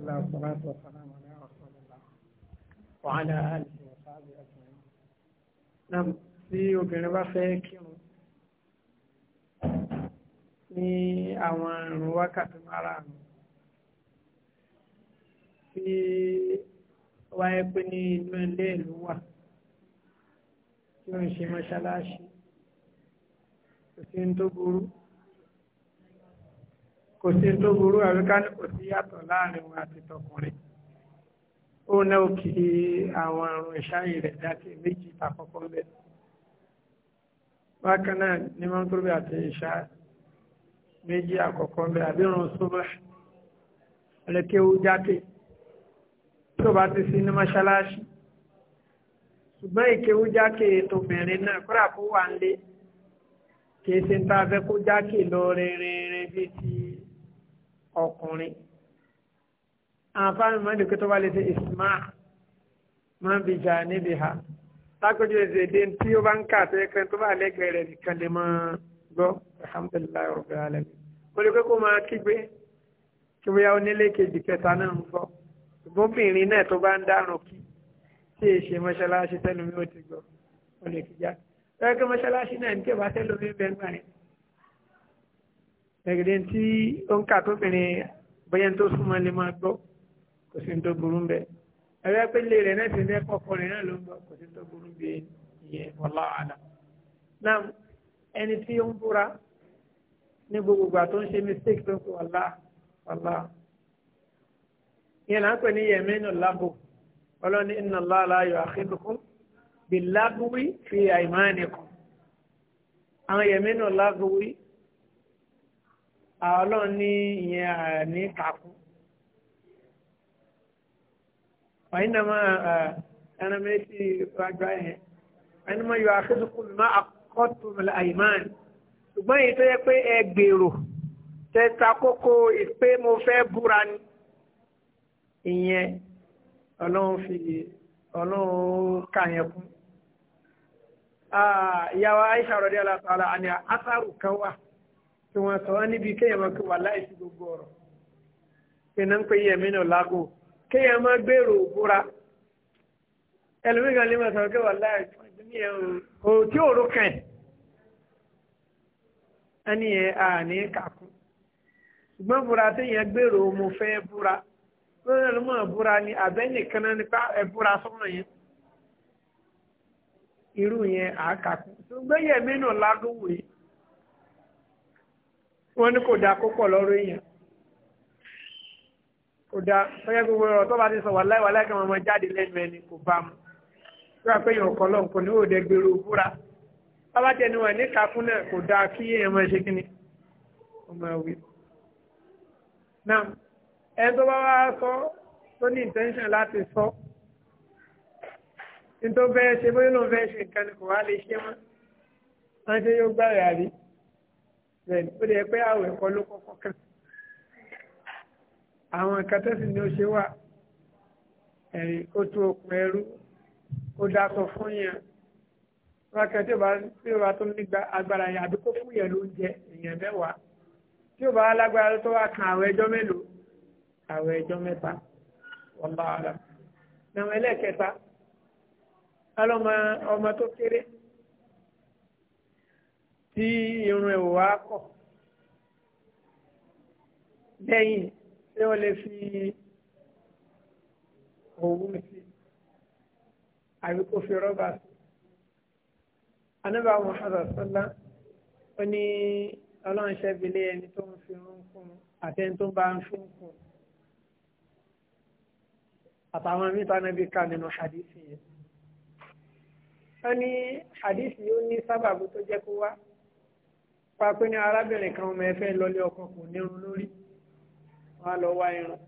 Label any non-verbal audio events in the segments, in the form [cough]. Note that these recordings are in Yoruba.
الله والصلاة والسلام على رسول الله وعلى آله وصحبه أجمعين نعم tí obìnrin bá fẹ́ kírun ní àwọn ìrun wákàtí márùn-ún tí wáyé pé ní inú ilé ìlú wà tí ó ń ṣe mọ́ṣáláṣí kò sí ní tó burú kò sí tó burú àríká ní kò sí yàtọ̀ láàrin wọn àti tọkùnrin ó ná òkè àwọn àrùn ìṣáyè rẹ̀ jáde méjì tàkọ́kọ́ bẹ́ẹ̀ bákan náà ní mọ́tòrì àti ìṣá méjì àkọ́kọ́ bẹ́ẹ̀ àbírùn súnmọ́ ẹlẹ́kẹ́wó jáde tó bá ti sí ní mọ́ṣáláṣí ṣùgbọ́n ìkéwú jákè tóbìnrin náà kọ́ra kó wà ń lé kì í ṣe ń ta afẹ́ kó jákè lọ rinrinrin bíi ti ọkùnrin àǹfààní mọ́ndé kí tó bá lè ṣe ìsìmá máa ń bìjà níbi ha lákòjú ẹ̀sẹ̀ èdè tí ó bá ń kà tó yẹ kan tó bá lẹ́gbẹ̀ẹ́ rẹ̀ nìkan lè máa gbọ́ alhamdulilayi rabbil alamin mo lè kókó máa kígbe kí bóyá onílé kejì kẹta náà ń fọ́ ṣùgbọ́n obìnrin náà tó bá ń dárùn kí tí è ṣe mọ́ṣáláṣí tẹ́lómi ó ti gbọ́ ó lè kíjà lọ́yẹ́ ẹ̀gẹ̀dẹ̀ tí ó ń kà tóbìnrin bóyá tó súnmọ́ lè máa gbọ́ kò sí tó burú ń bẹ̀ ẹ̀rẹ́ pé lè rẹ̀ náà ti fẹ́ kọ́kọ́ rẹ̀ náà ló ń gbọ́ kò sí tó burú bí ìyẹn wallahu a'lam náà ẹni tí ó ń búra ní gbogbo ìgbà tó ń ṣe mistake tó ń pè wàlá wàlá ìyẹn là ń pè ní lábò ọlọ́ni inna Allah la yu'akhidukum bil-lagwi fi aymanikum àwọn yẹmínú lábò wí Ah, ọlọ́run ní ìyẹn ní kàkú wàyínà máa ẹran méjì rájọ ẹ̀hẹ́ wàyínà máa yọ akéṣukú mi máa àkọ́tù mẹ́lẹ̀ àyèmáàn ṣùgbọ́n èyí tó yẹ pé ẹ gbèrò tẹta kókó ìpè mo fẹ́ búra ni ìyẹn ọlọ́run fi ọlọ́run kà yẹn kún. Ah, ìyàwó Aisha rọ̀dí aláṣọ àlà àni àṣàrù kan wà tí wọ́n sọ wá níbi kéèyàn máa pé wà láìsí gbogbo ọ̀rọ̀ pé náà ń pè yẹ̀mí náà lágò kéèyàn máa gbèrò òbúra ẹlòmíkan lè máa sọ pé wà láìsí ní ẹ̀hún kò tí òru kàn ẹni yẹn àní kàkún ṣùgbọ́n búra téèyàn gbèrò mo fẹ́ búra lórí ẹlòmọ́ búra ni àbẹ́nìkan náà nípa ẹ̀búra sọ́nà yẹn irú yẹn àákàkún ṣùgbọ́n yẹ̀mí náà lágò wèé wọ́n ní kò dáa kó pọ̀ lọ́rọ̀ èèyàn kò dáa sọ́jà gbogbo ọ̀rọ̀ tó bá ti sọ wàláì wàláì kan ọmọ jáde lẹ́nu ẹni kò bá mu wíwá pé èèyàn kọ́ lọ́n ní òde gbèrò búra bábá tẹnu ẹ̀ ní kakún náà kò dáa kí èèyàn máa ṣe kí ni ọmọ ẹ̀wí. náà ẹni tó bá wá sọ tó ní intention láti sọ nítorí bẹ́ẹ̀ ṣe bóyá ló ń fẹ́ ṣe nǹkan ni kò wá lè ṣe mọ́ wọ́n ṣe yóò gbàrẹ̀ àrí bẹ́ẹ̀ni ó lè yẹ pé àwọ̀ ẹ̀kọ́ ló kọ́kọ́ kàn àwọn nǹkan tó sì ní ó ṣe wà ẹ̀rí ó tó okùn ẹrú ó dáṣọ fún yàn wákẹ́ tí ó bá tí ó bá tó ní agbára yẹn àbí kó fún yẹn lóúnjẹ èèyàn mẹ́wàá tí ó bá lágbára tó wá kan àwọn ẹjọ́ mélòó àwọn ẹjọ́ mẹ́ta wallahu alam. nàwọn ẹlẹ́kẹta ọlọ́mọ ọmọ tó kéré tí irun ẹ̀wò wa kọ̀ lẹ́yìn tí ó lè fi òwú sí àbí kó fi rọ́bà sí. anábà Muhammad sọ́lá ó ní ọlọ́run ṣẹ́bilé ẹni tó ń fi irun kún àtẹni tó bá ń fi kún àtàwọn mìta nábi ká nínú hadithi yẹn. ó ní hadithi yóò ní sábàbù tó jẹ́ kó wá. pápẹ́ ní arábìnrin kan ọmọ ẹ̀fẹ́ lọlé ọkọ kò nírun lórí wọ́n lọ wá irun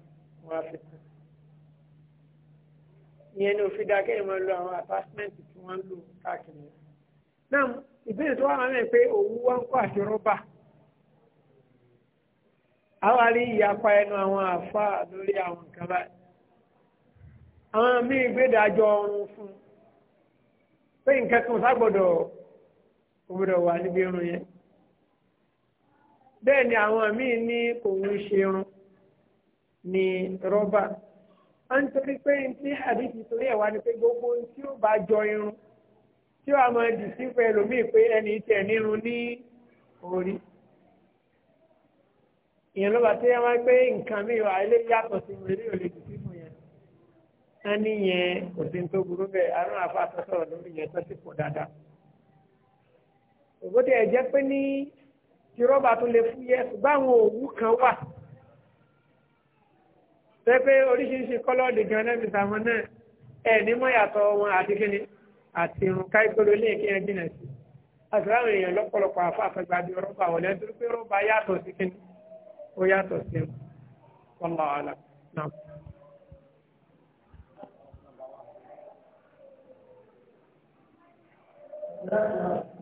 wọ́n á fi kàn. ìyẹn ni òfin dákẹ́ ìmọ̀ lo àwọn attachment tí wọ́n ń lò káàkiri. náà ìbéèrè tó wà wọn mẹ́rin pé òwú wọn kọ́ àti rọ́bà. àwa rí ìyapa ẹnu àwọn àfa lórí àwọn nǹkan báyìí. àwọn míì ọrùn fún bẹ́ẹ̀ ni àwọn míì ní òun ṣerun ní rọ́bà a ń torí pé tí àdìsí torí ẹ̀ wá ni pé gbogbo tí ó bá jọ irun tí ó àmọ́ dì sí pé ẹlòmíì pé ẹni tẹ̀ nírun ní orí ìyẹn ló bá tí wọ́n pé nǹkan mi wà ilé yàtọ̀ sí mi eré òlejò sí fún yẹn wọ́n ní yẹn kò sí tó burú bẹ́ẹ̀ àrùn àfa àtọ́sọ̀rọ̀ lórí yẹn tó sì pọ̀ dáadáa òbótẹ́ ẹ̀ jẹ́ pé ní tí rọ́bà tó lè fúyẹ́ ṣùgbọ́n àwọn òwú kan wà pẹ́pẹ́ oríṣiríṣi kọ́lọ́ọ̀dì gan náà mìta wọn náà ẹ̀ ní mọ́ yàtọ̀ wọn àti kíni àti irun káìkóró lè kí ẹ jìnà sí àti láwọn èèyàn lọ́pọ̀lọpọ̀ àfáàfẹ́ gba bí rọ́bà wọlé nítorí pé rọ́bà yàtọ̀ sí kíni ó yàtọ̀ sí ẹ wọ́lá ọ̀la náà. Thank you.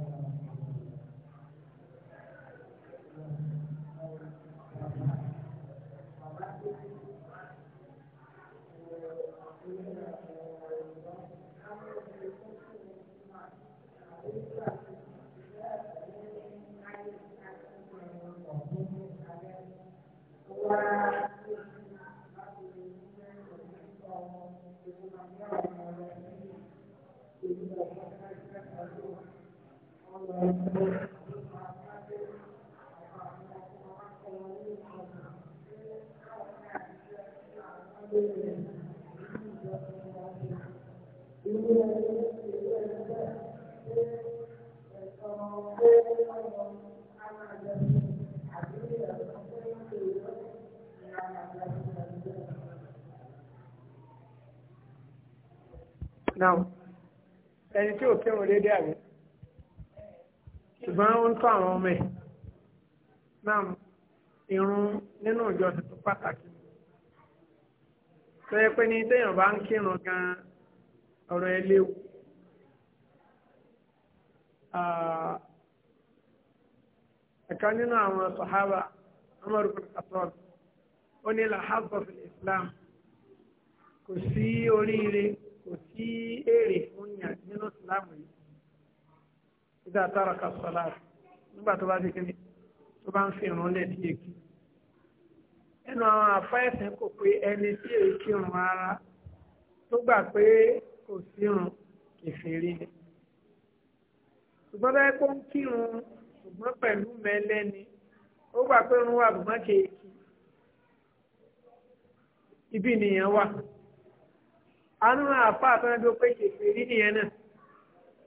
Now, ẹni tí ò kírun dédé àmì. ṣùgbọ́n ó ń tọ́ àwọn ọmọ ẹ̀ náà irun nínú ìjọ ti tó pàtàkì tó yẹ pé ní téèyàn bá ń kírun gan ọ̀rọ̀ ẹ léwu ah, ẹ̀kan nínú àwọn sàhábà Umar ó ní Islam kò sí oríire kò sí èrè fún yàn nínú ìdá tára ka sọlá nígbà tó bá ti kéde tó bá ń fi irun lẹ̀ díẹ̀ kí. ẹnu àwọn àfáìsìn kò pé ẹni tí èyí kírun ara tó gbà pé kò sírun kẹfìrí ni. ṣùgbọ́n báyìí pé ó ń kírun ṣùgbọ́n pẹ̀lú mẹ́lẹ́ni ó gbà pé irun wà bùmọ́ kéèké ibi nìyẹn wà. àánú àfa àtọ́jú pé kẹfìrí nìyẹn náà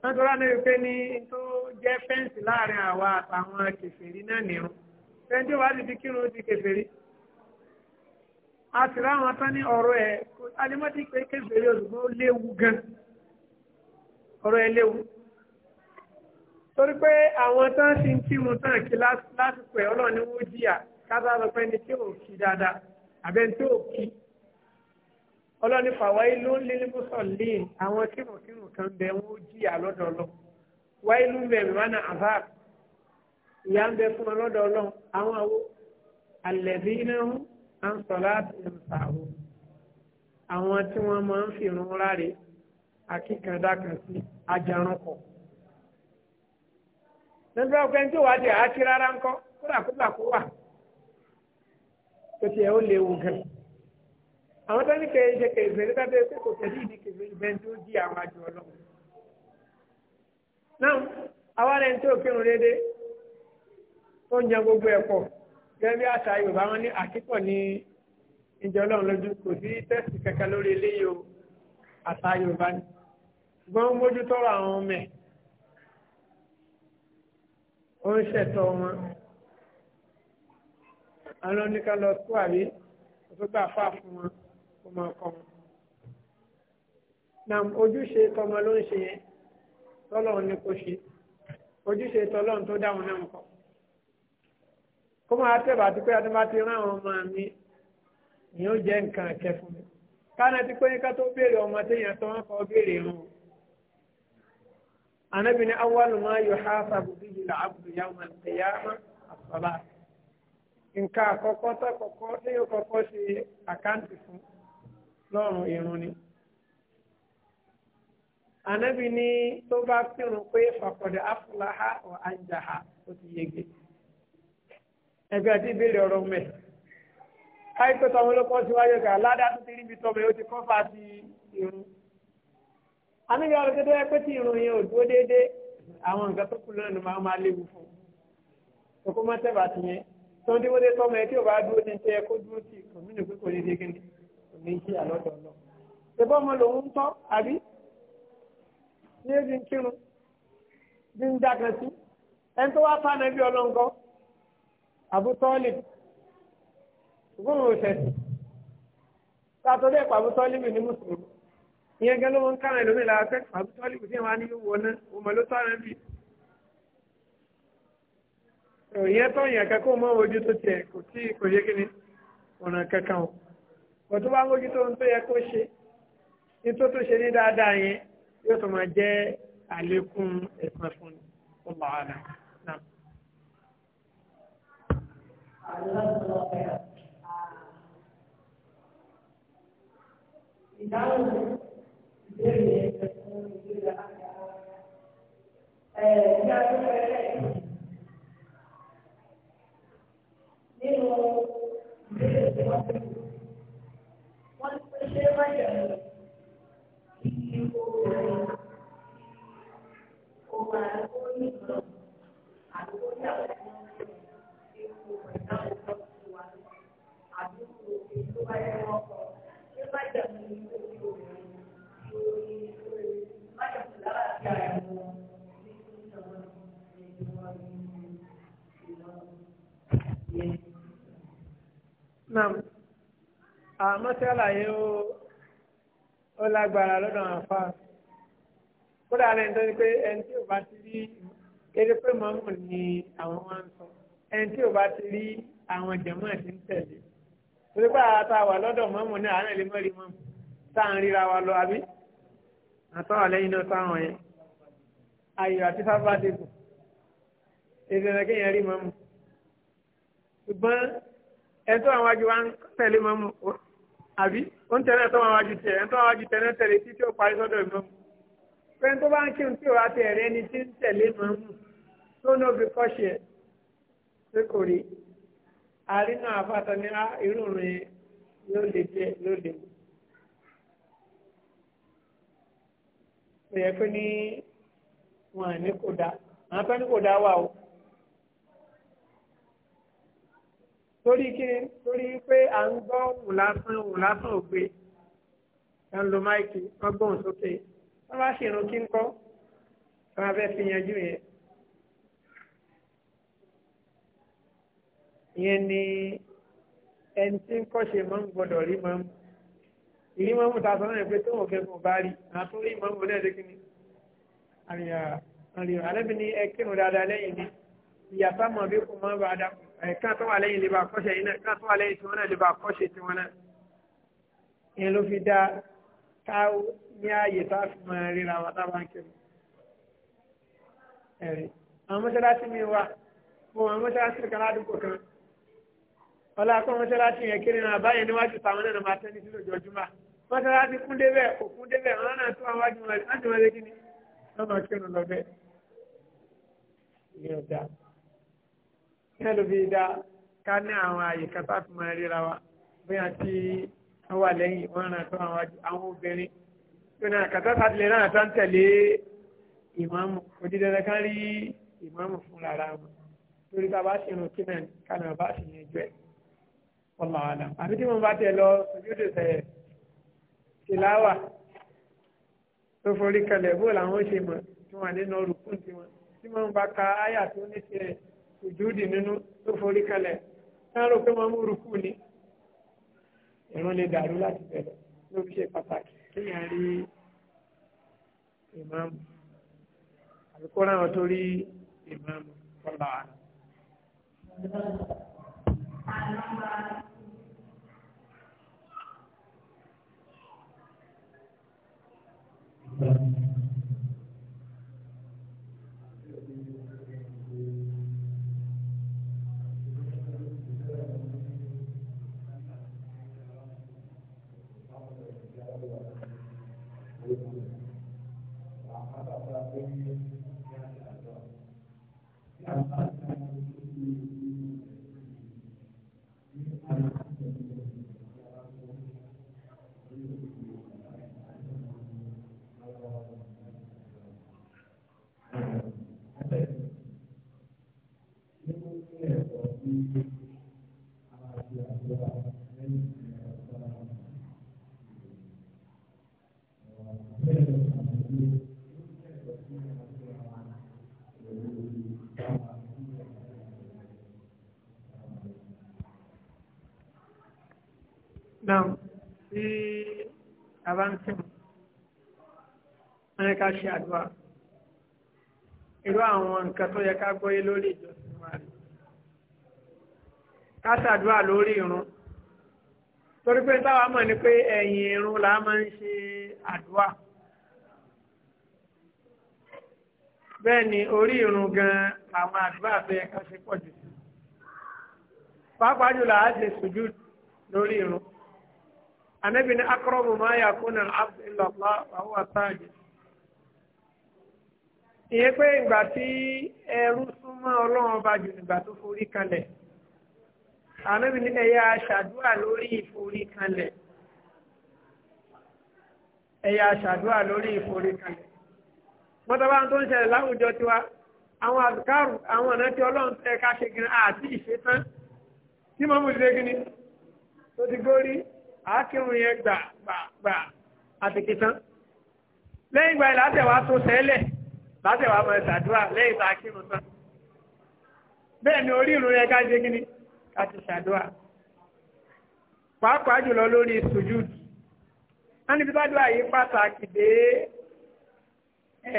wọ́n tó ránà wípé ní tó jẹ́ fẹ́ǹsì láàrin àwa àtàwọn kèfèrí náà nìrún fẹ́ǹsì wàá ti fi kírun ti kèfèrí a sì ráwọn tán ní ọ̀rọ̀ ẹ̀ alimọ́tí pé kèfèrí òṣùgbọ́n ó léwu gan ọ̀rọ̀ ẹ̀ léwu torí pé àwọn tán ti ń kírun tán kí lásìkò ẹ̀ ọlọ́ọ̀ni wọ́n jìyà ká sábà pé tí ò kí dáadáa àbẹ́ni tí ò kí ọlọ́ni fàwáìlú lílímùsọ̀lìn àwọn tìrùtìrù kan bẹ wọn ó jìyà lọ́dọ̀ lọ wáìlú mẹ́rin wánà àbá ìyá ń bẹ fún ọlọ́dọ̀ lọ àwọn àwo àlẹ́bí iná ń sọ láti ń sàwọ àwọn tí wọ́n máa ń fi irun ráre akíkandá kan sí ajarun nígbà pé tí wàá di àákí rárá ńkọ́ kódà kódà kó wà tó tiẹ̀ ó léwu gan-an àwọn tó ní kẹ̀yìn ṣe kẹ̀yìn bẹ̀rẹ̀ tábẹ́ pé kò tẹ̀lé ìdí kẹ̀yìn bẹ̀rẹ̀ tó di àwọn àjọ ọlọ́run. náà àwa rẹ̀ ń tó kírun dédé tó ń jẹ gbogbo ẹ̀ pọ̀ gẹ́gẹ́ bí àṣà Yorùbá wọn ní àkíkọ̀ ní ìjọ ọlọ́run lójú kò sí tẹ́sì kẹ̀kẹ́ lórí eléyìí o àṣà Yorùbá ni gbọ́n mójútọ́rọ̀ àwọn ọmọ ẹ̀ ó ń ṣẹ̀tọ́ wọn àwọn oníkàlọ́ tó àrí tó gbà fà fún wọn. kó máa na ojúṣe tọmọ ló ń ṣe yẹn ṣe ojúṣe tó dáhùn náà kó máa ti rán àwọn ọmọ mi ni ó jẹ́ nǹkan ẹ̀kẹ́ fún mi. ti pé ká tó béèrè ọmọ téèyàn tó wọn kọ́ béèrè wọn o. ànábì ní ma yuhasabu bihi al lọ́rùn irun ni. Ànábì ní tó bá kírun pé fàkọ̀dẹ̀ afúláhà ọ̀ àjàhà ó ti yege. Ẹgbẹ́ àti ìbéèrè ọ̀rọ̀ mẹ́. Káyipẹ́ tọmọ ló kọ́ síwájú kà ládàá tó ti rí ibi tọmọ yóò ti kọ́ fà ti irun. Ànábì àwọn akẹ́kọ̀ọ́ yẹ pé tí irun yẹn ò dúró déédéé àwọn nǹkan tó kù náà ni máa máa léwu fún un. Kókó mọ́tẹ́bà ti yẹn. Tọ́ndínwó dé tọmọ ẹ tí ò bá dúró ní tẹ́ kó dúró tì kò méjì àlọ́dọ̀ lọ. Ṣébọ́ ọmọ lòun ń tọ́ àbí? Ní ebi ń kírun, bí ń dákan sí. Ẹni tó wá fáná bí ọlọ́ngọ́, Abu Talib, ṣùgbọ́n òun ṣẹ̀sìn. Sátọ́dẹ̀ pa Abu Talib ní Mùsùlùmí. Ìyẹn gẹ́gẹ́ ló ń kárẹ̀ lómi lára pé Abu Talib fi wọn ní wọn náà, òun mọ̀ ló tọ́ àrẹ́ bí. Ìyẹn tó yàn kẹ́kọ̀ọ́ mọ́ ojú tó tiẹ̀ kò tí kò yé kíni ọ̀nà kankan kò tó bá ń mójútó ohun tó yẹ kó ṣe ní tó tó ṣe ní dáadáa yẹn yóò tó máa jẹ́ àlékún ẹ̀sán fún un ó bá wà náà. Ìdáhùn ìbéèrè Naam àmọ́ tí àlàyé ó ó lágbára lọ́dọ̀ àwọn afá kódà rẹ̀ ń tọ́ ni pé ẹni tí ò bá ti rí eré pé mọ́mù ni àwọn wá ń sọ ẹni tí ò bá ti rí àwọn jẹ̀mọ́ ẹ̀ ti ń tẹ̀lé torí pé àwọn àtàwà lọ́dọ̀ mọ́mù náà àárẹ̀ lè mọ́rí mọ́mù tá à ń ríra wa lọ àbí àtàwà lẹ́yìn náà táwọn yẹn ayọ̀ àti sábà dìbò èdè náà kéèyàn rí mọ́mù ṣùgbọ́n ẹni tó àwọn wájú wa ń tẹ̀lé mọ́ mu àbí ó ń tẹ̀lé ẹni tó àwọn wájú tiẹ̀ ẹni tó àwọn wájú tẹ̀lé tẹ̀lé títí ó parí sọ́dọ̀ ìmọ̀ mu pé tó bá ń kírun tí òwà ti ẹ̀rẹ́ ẹni tí ń tẹ̀lé mọ́ mu tó ní obì kọ́ṣẹ́ pé kò rí àrínà àfàtọ́ ní irú rẹ̀ lè jẹ́ ló lè mú. ó ní kò dá àwọn tó ní kò dá wà o. torí kí ni torí pé à ń gbọ́ òun lásán òun lásán ògbé ẹ̀ ń lo máìkì wọ́n gbóhùn sókè wọ́n bá ṣèrun kí ń kọ́ wọ́n abẹ́ fi yanjú yẹn. ìyẹn ni ẹni tí ń kọ́ṣe máa ń gbọ́dọ̀ rí máa ń ìrí máa ń mú ta sọ náà pé tóun kẹ́kọ̀ọ́ bá rí àtúrí máa ń mú náà dékìní. àríyá àríyá alẹ́bí ni ẹ kírun dáadáa lẹ́yìn ní ìyàtọ̀ mọ̀ bí kò máa ń bá a dákú ẹ̀ka tó wà lẹ́yìn lè bá kọ́ṣe yìí náà ẹ̀ka tó wà lẹ́yìn tiwọn náà lè bá kọ́ṣe tiwọn náà ìyẹn fi dá ká ní ààyè tá a fi máa ríra wa tábà ń kiri ẹ̀rí àwọn mọ́ṣáláṣí mi wá mo àwọn mọ́ṣáláṣí kan ládùúgbò kan ọlá akọ́ mọ́ṣáláṣí yẹn kiri náà báyẹn níwájú táwọn náà máa tẹ́ ní náà ló fi dá ká ní àwọn àyè kátà fún máa ríra wa bí wọn ti wà lẹ́yìn wọn ràn tó àwọn obìnrin tó náà kátà sátìlẹ̀ náà tó ń tẹ̀lé ìmáàmù òdìdẹ rẹ ká rí ìmáàmù fún rárá wọn torí tá a bá ṣe irun kí náà kánà bá ṣe yẹn jọ ẹ ọlọ àdàm àbí tí wọn bá tẹ lọ ojúde sẹyẹ tìláwà tó forí kalẹ̀ bó làwọn ṣe mọ̀ tí wọn nínú rùkún tiwọn tí wọn bá ka áyà tó ní tiẹ̀ sùjúdì nínú tó forí kalẹ̀ sáárò pé wọ́n mú rúkú ni ìran lè dàrú láti bẹ̀rẹ̀ ló fi ṣe pàtàkì kéèyàn rí ìmáàmù àbíkó ráwọn tó rí ìmáàmù kọlà Thank you. bá ń sìn wọn ká ṣe àdúrà irú àwọn nǹkan tó yẹ ká gbọ́yé lórí ìjọsìn wa rẹ̀ ká ṣàdúrà lórí irun torí pé táwa mọ̀ ni pé ẹ̀yìn irun là á máa ń ṣe àdúrà bẹ́ẹ̀ ni orí irun gan-an àwọn àdúrà tó yẹ ká ṣe pọ̀ jù sí pàápàá jùlọ àá ṣe sùjúdù lórí irun anabi ni akọrọbù máa yà kún náà abdullá àwọn àtàjẹ ìyẹn pé ìgbà tí ẹrú súnmọ́ ọlọ́run bá jù nígbà tó forí kanlẹ̀ anabi ni ẹyà aṣàdúrà lórí ìforí kanlẹ̀ ẹyà aṣàdúrà lórí ìforí kanlẹ̀ mọtàbá tó ń ṣẹlẹ̀ láwùjọ tiwa àwọn àdùkárù àwọn ọ̀nà tí ọlọ́run tẹ ká ṣe gírin àti ìṣetán tí mọ́mú ti gírin tó ti górí àákírun yẹn gbà gbà gbà àtìkìtán lẹ́yìn ìgbà yìí látẹ̀wá tó sẹ́lẹ̀ látẹ̀wá máa ṣàdúrà lẹ́yìn tá a kírun tán bẹ́ẹ̀ ni orí ìrun yẹn ká ṣe kí ni ká ti ṣàdúrà pàápàá jùlọ lórí sùjúd wọ́n níbi bá dúrà yìí pàtàkì dé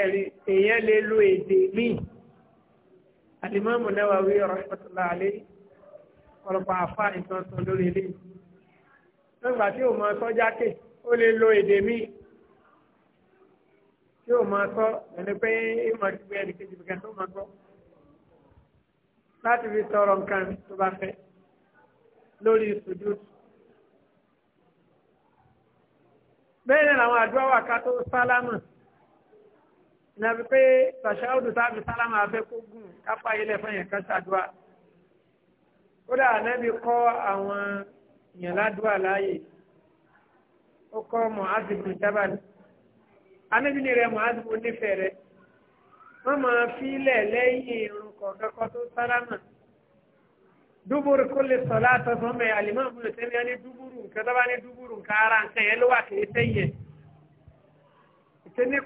ẹ̀rí èèyàn lè lo èdè míì Al-Imam Nawawi rahmatullahi alayhi ọ̀rọ̀pọ̀ àfa ìtọ́sọ lórí eléyìí nígbà tí o máa sọ jákè o lè lo èdè míì tí o máa sọ ẹni pé ìmọ̀ ti gbé ẹnìkejì bìkan tó máa gbọ́ láti fi tọrọ nǹkan tó bá fẹ́ lórí sùjúdù. bẹ́ẹ̀ ni àwọn àdúrà wà ká tó sálámà ìnàbí pé tàṣáwùdù tábí sálámà afẹ́ kó gùn kápá ilẹ̀ fún yẹn ká ṣàdúrà. kódà ànábì kọ́ àwọn yàn ládùúgbò àláyè ó kọ́ Mu'adh bin Jabal anábì ní rẹ Mu'adh mo nífẹ̀ẹ́ rẹ wọ́n máa fílẹ̀ lẹ́yìn irun kọ̀ọ̀kẹ́kọ́ tó sálámà dúbúrú kó lè sọ látọ̀ fún mi àlìmọ́ọ̀mù lè tẹ́lẹ̀ ní dúbúrú nǹkan tó bá ní dúbúrú nǹkan ara nǹkan yẹn ló wà kì í sẹ́yìn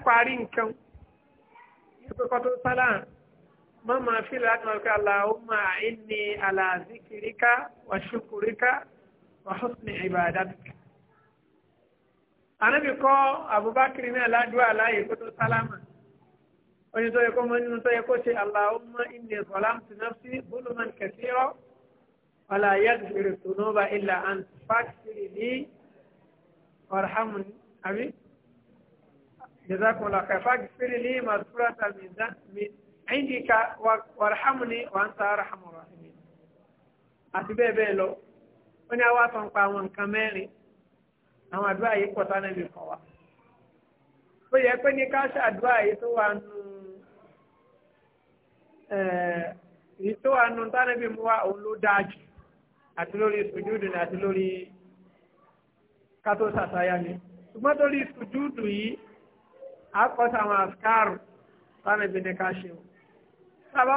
parí nǹkan kọ̀ọ̀kọ́ tó sálámà wọ́n máa fílẹ̀ láti máa fi Allahumma inni ala zikrika wa shukurika wa husni ibadatik anabi kọ́ abubakar náà ládùúgbò aláyè kó tó sálámà oní tó yẹ kó mọ nínú tó yẹ kó ṣe allahumma inni zalamtu nafsi zuluman kathira wala yaghfiru dhunuba illa anta faghfirli warhamni àbí jazakumullahu khairan faghfirli maghfiratan min indika warhamni wa anta arhamur rahimin àti bẹ́ẹ̀ bẹ́ẹ̀ lọ wọ́n ní àwa sọ̀npa àwọn nǹkan mẹ́rin àwọn àdúrà yìí pọ̀ sánà ibi kan wa. ó yẹ pé ní ká ṣàdúrà yìí tó wà nù eh, yìí tó wà nù sánà ibi mu wa òun ló dáa jù àti lórí sùjúdù ni àti lórí kátó sàtáyà ni. ṣùgbọ́n torí sùjúdù yìí àkọsọ àwọn àfikàrù sánà ibi ni ká ṣe o. sábà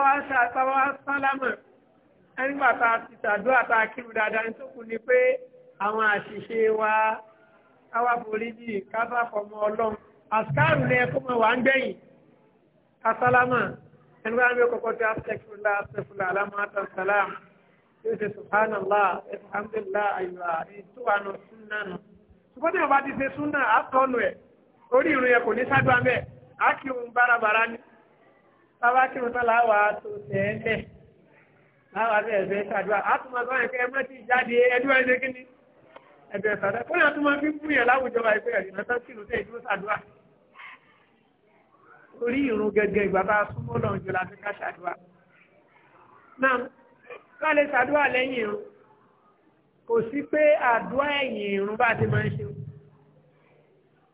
wá sálámà nígbà tá a ti ṣàdúrà tá a kírun dáadáa ní tó kù ni pé àwọn àṣìṣe wa káwá forí jì káfà fọmọ ọlọ́run àṣkáàrù ni ẹkọ mọ wà ń gbẹ̀yìn kásálámà ẹni wá ń gbé lá tí astaghfirullah astaghfirullah alámọ́tà sàlám yóò ṣe subhanallah alhamdulillah àyùrà ètò àná súnà nù. ṣùgbọ́n tí wọ́n bá ti ṣe súnà á tọ́nu ẹ̀ orí ìrun yẹn kò ní ṣáájú àmẹ́ á kírun bárabàrá ni tábà kírun tán láwàá tó tẹ̀ ẹ́ lẹ̀ láwọn abẹ́ ẹ̀fẹ́ ṣàdúrà átùmọ̀ sọ ẹ̀fẹ́ ẹmọ́ ti jáde ni ẹ̀bẹ̀ ṣàdá kó yàn tó máa fi fún yàn láwùjọ wa ìpẹ́ ẹ̀dùn ẹ̀fẹ́ kìlú tẹ̀ ìdúró ṣàdúrà orí ìrun gẹ́gẹ́ ìgbà bá súnmọ́ lọ́n jù láti ká ṣàdúrà náà ká lè ṣàdúrà lẹ́yìn ìrun kò sí pé àdúrà ẹ̀yìn ìrun bá ti máa ń ṣe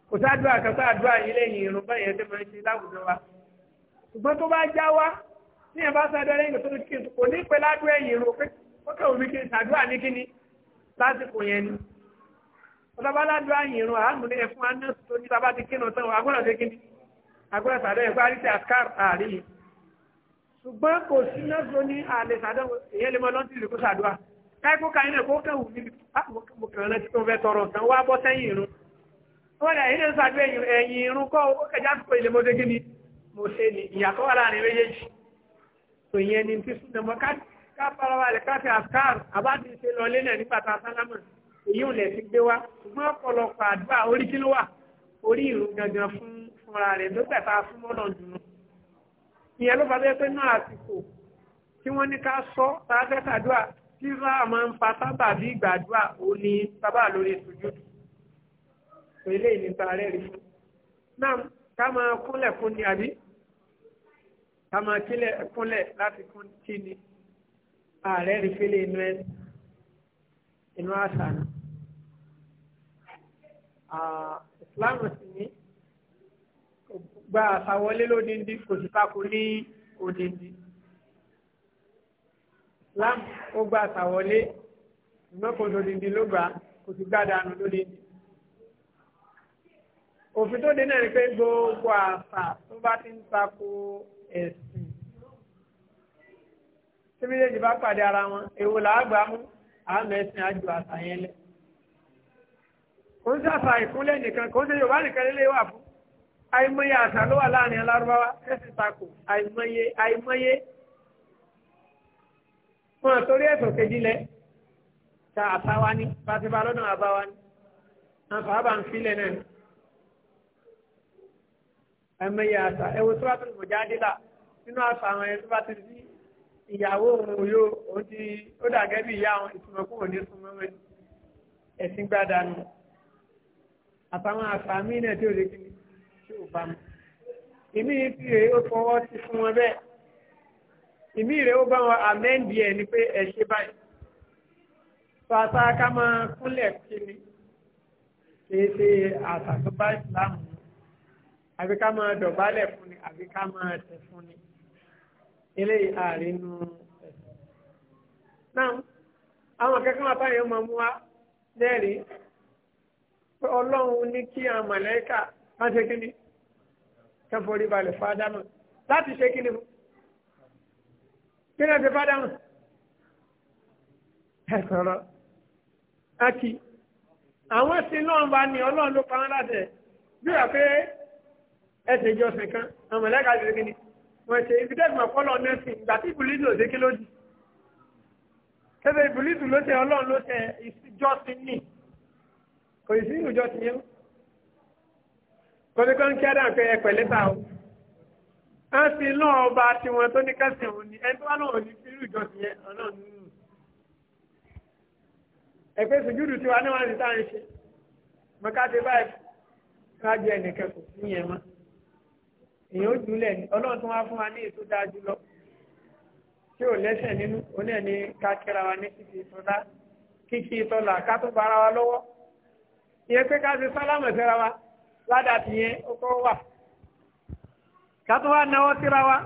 kò sádùá kan pé yìí lẹ́yìn ìrun báyẹn ti máa ń ṣe láwùjọ wa ṣùgbọ́n tó bá já ní ẹ̀bá sọ́dọ̀ lẹ́yìn tó kí n kò ní pẹ́ ládùú ẹ̀yìn ro pé ó kẹ́ omi kí n ṣàdúrà ní kíni lásìkò yẹn ni ọlọ́ba ládùú ẹ̀yìn ro àánú ní ẹ̀fún aná tó ní bàbá ti kírun tán agbọ́dọ̀ ṣe kíni agbọ́dọ̀ sàdọ̀ ẹ̀fọ́ àríṣe àkàr àárí ṣùgbọ́n kò sí náà tó ní àlè sàdọ̀ ìyẹn lè mọ lọ́ntìrì kó ṣàdúrà káíkó kàyín náà kó kẹ́wù níbi mo kàn lọ́tí tó fẹ́ tọrọ nǹkan wá bọ́ sẹ́yìn irun wọ́n dà yín lè sàdọ̀ ẹ̀yìn irun kọ́ ó kẹjá tó ilé mo ṣe kíni mo ṣe ni tó yẹn ni ti súnà mọ́ ká fara wa lẹ̀ ká fi àṣkár àbáti ṣe lọlé náà nígbà tá a sálámà èyí ò lẹ̀ fi gbé wa ṣùgbọ́n ọ̀pọ̀lọpọ̀ àdúrà orí kí ló wà orí ìlú gangan fún fúnra rẹ̀ lókè tá a fún mọ́nà dùnú. ìyẹn ló fàbẹ́ pé náà àsìkò tí wọ́n ní ká sọ tá a fẹ́ ṣàdúrà tí sáà máa ń fa sábà bí ìgbàdúrà ò ní sábà lórí ìtújú pẹ̀lẹ́ ìnìta rẹ̀ rí fún. náà ká máa kúnlẹ̀ fún ni àbí Kama máa kule kúnlẹ̀ láti kún tí ni ààrẹ rí fílẹ̀ ah Islam inú àṣà ni. ìsìláàmù sì ní gba àṣà wọlé lódindi kò sì takò ní odindi. ìsìláàmù ó gba àṣà wọlé ṣùgbọ́n kò lódindi ló gbà kò sì gbádànù lódindi òfin tó dé náà ni pé gbogbo àṣà tó bá ẹ̀sìn tí méjèèjì bá pàdé ara wọn èwo làágbà mú àmẹ́sìn àjò àṣàyàn lẹ kò ń sàṣà ìkúnlẹ̀ nìkan kò ń ṣe Yorùbá nìkan lélẹ̀ wà fún àìmọye àṣà ló wà láàrin alárúbáwá ẹ̀sìn takò àìmọye àìmọye fún àtòrí ẹ̀sùn kejì lẹ ta àṣà wa ní bá ti bá lọ́dún àbá wa ní àǹfààbà ń filẹ̀ náà ẹ̀mẹ́yẹ àṣà ẹ̀wọ̀n tó bá tó lùmọ̀ jáde là nínú àṣà àwọn ẹni tó bá ti rí ìyàwó òun yóò òun ti ó dàgẹ́ bí ìyá àwọn ìtumọ̀kú òní súnmọ́ mẹ́ni ẹ̀sìn gbádà nù àtàwọn àṣà míì náà tí ò lè kíni tí ò bá mu ìmí ti rèé ó fọwọ́ ti fún wọn bẹ́ẹ̀ ìmí rèé ó bá wọn amẹ́ndì ẹ̀ ni pé ẹ̀ ṣe báyìí sọ àṣà ká máa kúnlẹ̀ kíni kì í ṣe àṣà tó bá ìsìlámù àbí ká máa dọ̀bálẹ̀ fún ni àbí ká máa tẹ̀ fún ni eléyìí àrínú ẹ̀sìn. náà àwọn akẹ́kọ̀ọ́ máa báyọ̀ máa mú wa lẹ́rìí pé ọlọ́run ní kí àwọn màlẹ́kà má ṣe kí ni ká forí balẹ̀ fún ádámà láti ṣe kí ni mu kí ni ẹ ti fún ádámà ẹ sọ̀rọ̀ á kì í àwọn sí náà bá ní ọlọ́run ló pa wọn láti ẹ̀ bí wà pé ẹsẹ̀ ìjọ ọ̀sẹ̀ kan àwọn mọ̀lẹ́ka ti ṣe wọ́n ṣe ibi tẹ́sí mọ̀ fọ́lọ́ nẹ́sìn ìgbà tí ìbùlídù ò ṣe kí lódì kébé ìbùlídù ló tẹ ọlọ́run ló tẹ ìjọsìn nì kò sí ìjọsìn yẹn kọ́ni kan kí á dàn pé ẹ pẹ̀lẹ́ bá o wọ́n ti lọ́ ọba tiwọn tó ní kẹsì òun ni ẹni tó wà náà ní irú ìjọsìn yẹn ọ̀nà nínú ẹ̀pẹ́ sùjúdù tiwa níwájú táwọn ṣe mọ̀ká ti báyìí rájọ ẹnìkan kò sí yẹn mọ́ èèyàn ó jùlẹ̀ ní ọlọ́run tó wá fún wa ní ètò dáa jùlọ tí ò lẹ́sẹ̀ nínú oní ẹni ká kíra wa ní kíkì ìtọ́lá kíkì ìtọ́lá ká tó bara wa lọ́wọ́ ìyẹn pé ká ṣe sálámù síra wa ládàá ti yẹn ó kọ́ wà ká tó wá náwó síra wa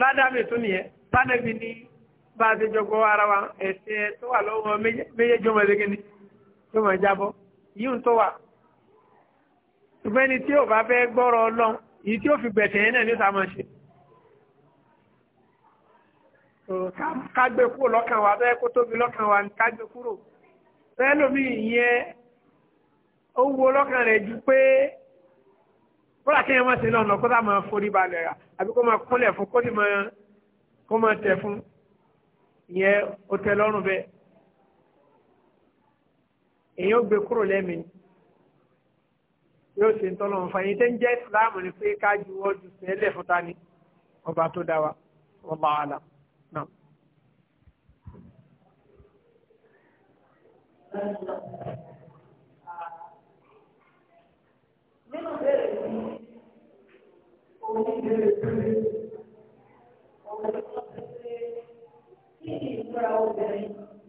ládàá mi tún nìyẹn bánẹ́bí ní bá a ṣe jọgbọ́ ara wa ẹ̀sìn tó wà lọ́wọ́ méjèèjì ọmọ ẹ̀dẹ́gẹ́ni tó mọ̀ jábọ́ yíyún tó wà ṣùgbọ́n ẹni tí ò bá fẹ́ gbọ́rọ̀ ọlọ́run ìyí tí ó fi gbẹ̀sẹ̀ yẹn náà ní sáà máa ṣe kágbé kúrò lọ́kàn wa bẹ́ẹ̀ kó tóbi lọ́kàn wa ní kágbé kúrò bẹ́ẹ̀ lómi ìyẹn ó wo lọ́kàn rẹ̀ ju pé kódà kéèyàn máa ṣe lọ́nà kó tá máa forí balẹ̀ rà àbí kó máa kúnlẹ̀ fún kó máa tẹ̀ fún ìyẹn ó tẹ lọ́rùn bẹ́ẹ̀ èyí ó gbé kúrò lẹ́mìí yóò ṣe ń tọ́lọ́ nfa yìí tẹ́ ń jẹ́ ìsìláàmù ni pé ká ju ọjọ́ sẹ́lẹ̀ fún tani ọba tó dá wa ọba àlà náà.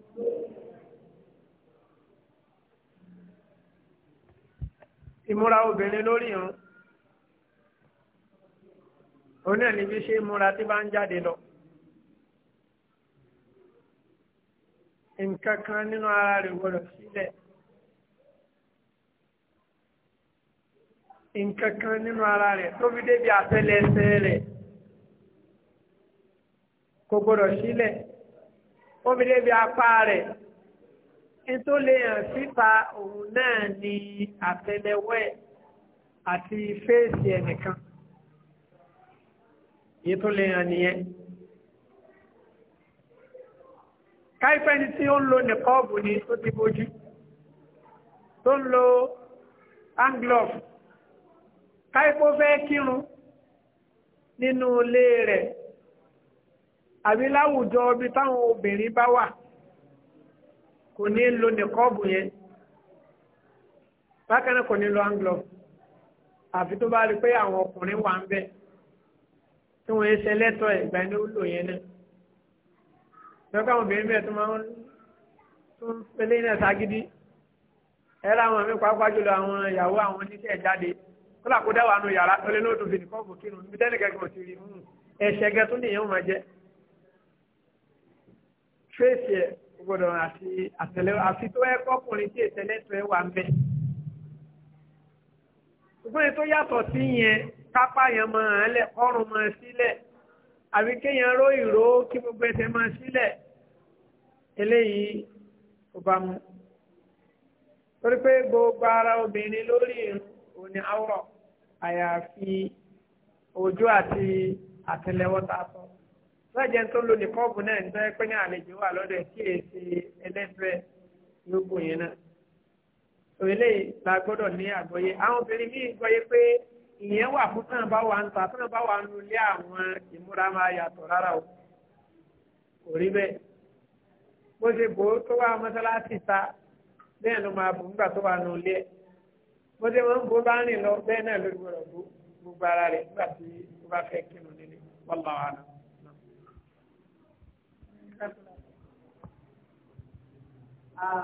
nínú ìmúra obìnrin lórí irun oní ẹni bí ṣe múra tí bá ń jáde lọ nǹkan kan nínú ara rẹ̀ gbọ́dọ̀ sílẹ̀ nǹkan kan nínú ara rẹ̀ tó fi débi àtẹ́lẹsẹ̀ rẹ̀ kò gbọ́dọ̀ sílẹ̀ ó fi débi apá rẹ̀ tó lè hàn síta òun náà ni àtẹlẹwẹ́ àti fèsì ẹnìkan èyí tó lè hàn nìyẹn káìpẹ́ ni tí ó ń lo nìkọ́ọ̀bù ni ó ti bójú tó ń lo anglof káìpọ́ fẹ́ kírun nínú ilé rẹ̀ àbí láwùjọ ibi táwọn obìnrin bá wà kò ní lo nìkọ́ọ̀bù yẹn bákan náà kò ní lo anglo àfi tó bá rí pé àwọn ọkùnrin wà ń bẹ tí wọ́n yẹn ṣe lẹ́tọ̀ ìgbà ní wúlò yẹn náà lọ́kọ̀ àwọn obìnrin bẹ́ẹ̀ tó máa ń tún pélé náà ságídí ẹ̀rọ àwọn mi pàápàá jùlọ àwọn ìyàwó àwọn oníṣẹ́ jáde kọ́lá kó dá wà nù yàrá tọ́lé lóòótọ́ fi nìkọ́ọ̀bù kírun níbi tẹ́nìkẹ́ kò sì rí ẹ̀ṣẹ̀gẹ́ tó nìyẹn ò máa jẹ́ tírèsì ẹ̀ kò gbọdọ̀ àti àtẹlẹ àfi tó ẹ kọkùnrin tí ètẹlẹ tó ẹ wà ń bẹ. ṣùgbọ́n ètò yàtọ̀ sí yẹn kápá yẹn máa ń lẹ̀ ọrùn máa sílẹ̀ àbí kéèyàn ró ìró kí gbogbo ẹsẹ̀ máa sílẹ̀ eléyìí kò bá mu. torí pé gbogbo ara obìnrin lórí irun òní àwọ̀ àyàfi òjò àti àtẹlẹwọ́ tá a sọ sáàjẹ́ tó lò ní kọ́ọ̀bù náà nígbà pé ní àlejò wà lọ́dọ̀ tí èsì ẹlẹ́fẹ́ yókù yẹn náà òrèlè la gbọ́dọ̀ ní àgbọ́yé àwọn obìnrin míì gbọ́yé pé ìyẹn wà fún tán bá wà ń ta tán bá wà ń lulẹ̀ àwọn ìmúra máa yàtọ̀ rárá o kò rí bẹ́ẹ̀ bó ṣe bò ó tó wá mọ́sálásí ta bẹ́ẹ̀ ló máa bò nígbà tó wà ń lulẹ̀ bó ṣe máa ń bò bá rìn lọ bẹ́ẹ̀ náà ló gbọ́dọ̀ bò gbogbo ara rẹ̀ nígbà tí ó bá fẹ́ kírun nílé wọ́n lọ́wọ́ àná. uh,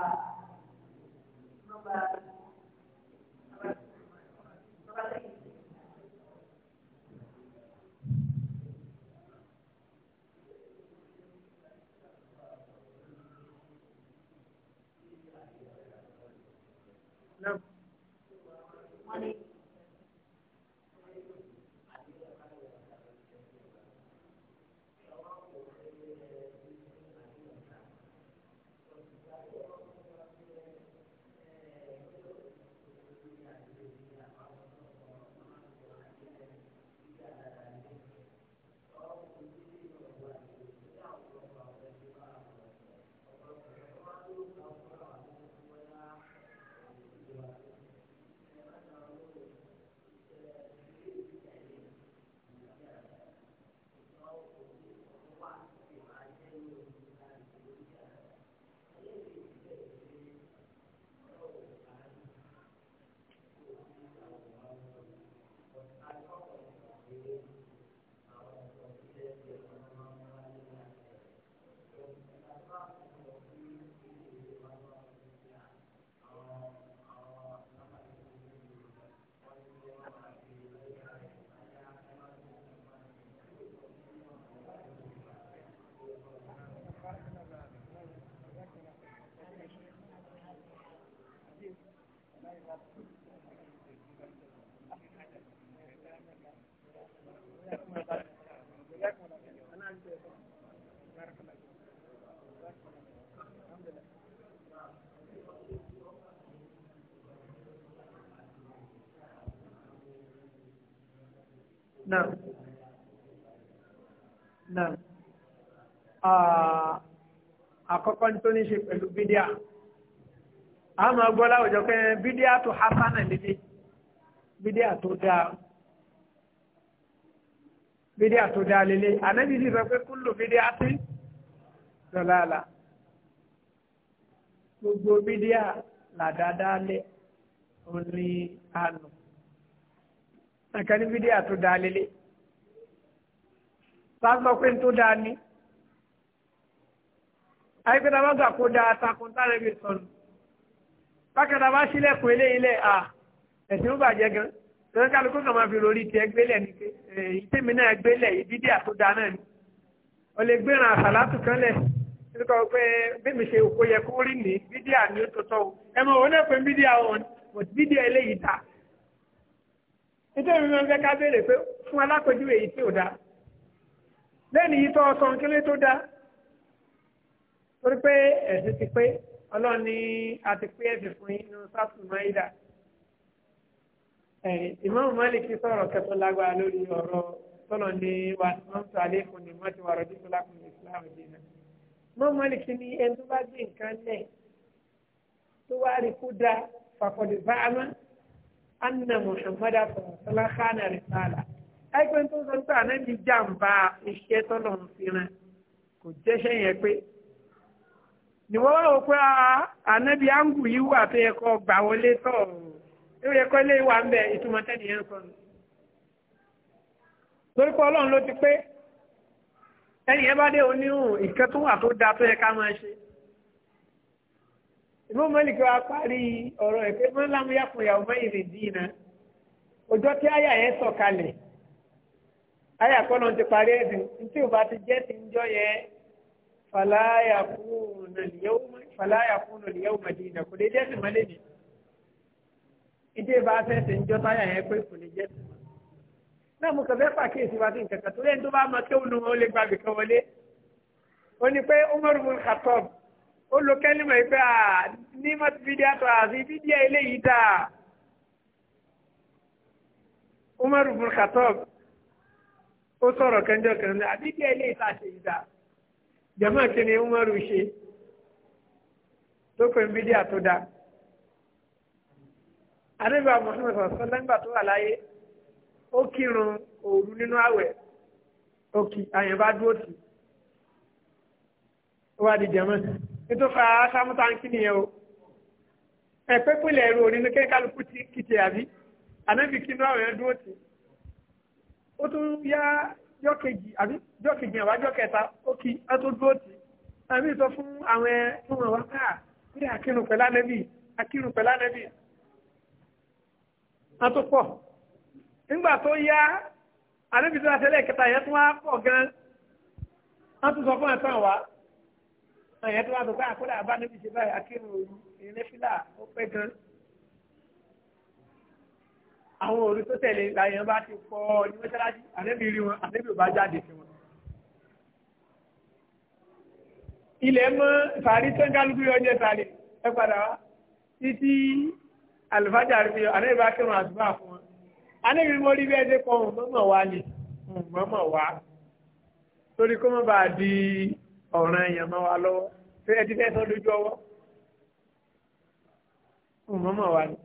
náà náà ah, àkọ́kọ́ tó ní ṣe pẹ̀lú bídíà a máa gbọ́ láwùjọ pé bídíà tó hasana lédè bídíà tó dáa bídíà tó dáa lélẹ̀ ànábì sì sọ pé kúlò bídíà tí dọ̀làlà gbogbo bídíà làdáadáa lé òní àná nǹkan ní bídíà tó dáa lélẹ̀ bá gbọ́ pé tó dáa ní àyíkọ́tà bá gbà kó dáa takùn tára ibi sọnù bákàtà bá sílẹ̀kùn eléyìí lẹ̀ à ẹ̀sìn ó bàjẹ́ gan tọ́jú kálukú kan máa fi lórí tiẹ̀ gbélẹ̀ ní pé èyí tèmi náà gbélẹ̀ bídíà tó dáa náà ni o lè gbéra àsàlátù kan lẹ̀ nípa pé bẹ́ẹ̀ mi ṣe òkó yẹ kó rí ní bídíà ní ó tó tọ́ o ẹ mọ̀ òun náà pé bídíà òun bídíà eléyìí dáa nítorí mi máa ń fẹ́ ká béèrè pé fún alákòjúwe èyí tí ò dáa bẹ́ẹ̀ ni ìtọ́ ọsàn kílé tó dáa torí pé ẹ̀sìn ti pé ọlọ́run ní a ti pé ẹ̀sìn fún yín nínú sátù máìdá ìmáàmù Málíkì sọ̀rọ̀ kẹtọ́ lágbára lórí ọ̀rọ̀ tọ́lọ̀ ní wa mọ́tò àlékún ní mọ́tò wà rọ́jú tó lákùn ní Islam dínà ìmáàmù Málíkì ní ẹni tó bá gbé nǹkan lẹ̀ tó wá rí kú dáa fàkọ̀dé bá a máa anna muhammadu sallallahu alaihi wa sallam ẹgbẹ́ tó sọ pé ànábi jàǹbá iṣẹ́ tọ́lọ̀ ń fìràn kò jẹ́ṣẹ́ yẹn pé ni wọ́n wá wò pé ah, ànábi áńgù yìí wà tó yẹ kó gbà wọlé tọ̀ ó yẹ kó lé wà ń bẹ ìtumọ̀ tẹ́nìyẹn sọ nù. torí pé ọlọ́run ló ti pé ẹnìyẹn bá dé oníhùn hmm, ìkẹ́tùwà tó da tó yẹ ká máa ṣe ìmọ̀ mọ́lìkì wa parí ọ̀rọ̀ ẹ̀ pé mọ́n lámúyá fún ìyàwó mẹ́yìn lè dín iná ọjọ́ tí àyà yẹn sọ̀ kalẹ̀ àyà kọ́nà ti parí ẹ̀dùn tí ò bá ti jẹ́ ti ń jọ yẹn fàlàyà kúrò nìyẹ́wò màdínà kò lè jẹ́ sí mọ́lẹ̀ ni ìdí ìbá fẹ́ ti ń jọ táyà yẹn pé kò lè jẹ́ sí mọ́ náà mo kàn fẹ́ pàkíyèsí wa sí nǹkan kan tó lẹ́yìn tó bá mọ ó lo kẹ́límọ̀ ìpẹ́ à ní mọ́tí fídíà tó àfi fídíà eléyìí dà Umar ibn Khattab ó sọ̀rọ̀ kẹjọ kan ní àfídíà eléyìí tà ṣe ìdà jẹ́mọ́ kí ni Umar ṣe tó pè ń fídíà tó dá àdébà Muhammad sọ̀sọ́ lẹ́gbà tó wà láyé ó kírun òru nínú àwẹ̀ ó kí dúró tì wá di jẹ́mọ́ sí nítòfà sámútà ń ni nìyẹn o ẹ̀pẹ́ pínlẹ̀ ẹ̀rù òní ní kẹ́kálukú ti kìtì àbí ànábì kí náà rẹ̀ dúró tì ó tún yá jọ́kejì àbí jọ́kejì àwa jọ́kẹta ó kí á tó dúró tì àbí sọ fún àwọn ẹ fún wọn wá káà ní akínú pẹ̀lú ànábì akínú pẹ̀lú ànábì wọn tó pọ̀ nígbà tó yá ànábì tó wá kẹta yẹn tó wá pọ̀ gan wọn tún sọ fún ẹ̀ tán wá ẹ̀yẹ́ tó wà tó pé àkúrà abánibí ṣe báyìí akírun òru ìrìn fílà ó pẹ́ gan. àwọn òru tó tẹ̀lé làyẹn bá ti pọ̀ ní mọ́ṣáláṣí àdébí rí wọn àdébí ò bá jáde sí wọn. ilẹ̀ mọ́ fàárí tó ń kálukú yọ ọjọ́ ìsàlẹ̀ ẹ padà wá títí àlùfájà rí yọ àdébí bá kírun àdúrà fún wọn. àdébí mo rí bí ẹ ṣe pọ̀ mọ́mọ́ wa ni mọ́mọ́ wa torí kó mọ́ bá di ọ̀ràn èèyàn mọ́ wa lọ́wọ́ tó yẹ ti fẹ́ sọ lójú ọwọ́ mọ̀mọ́ wa ni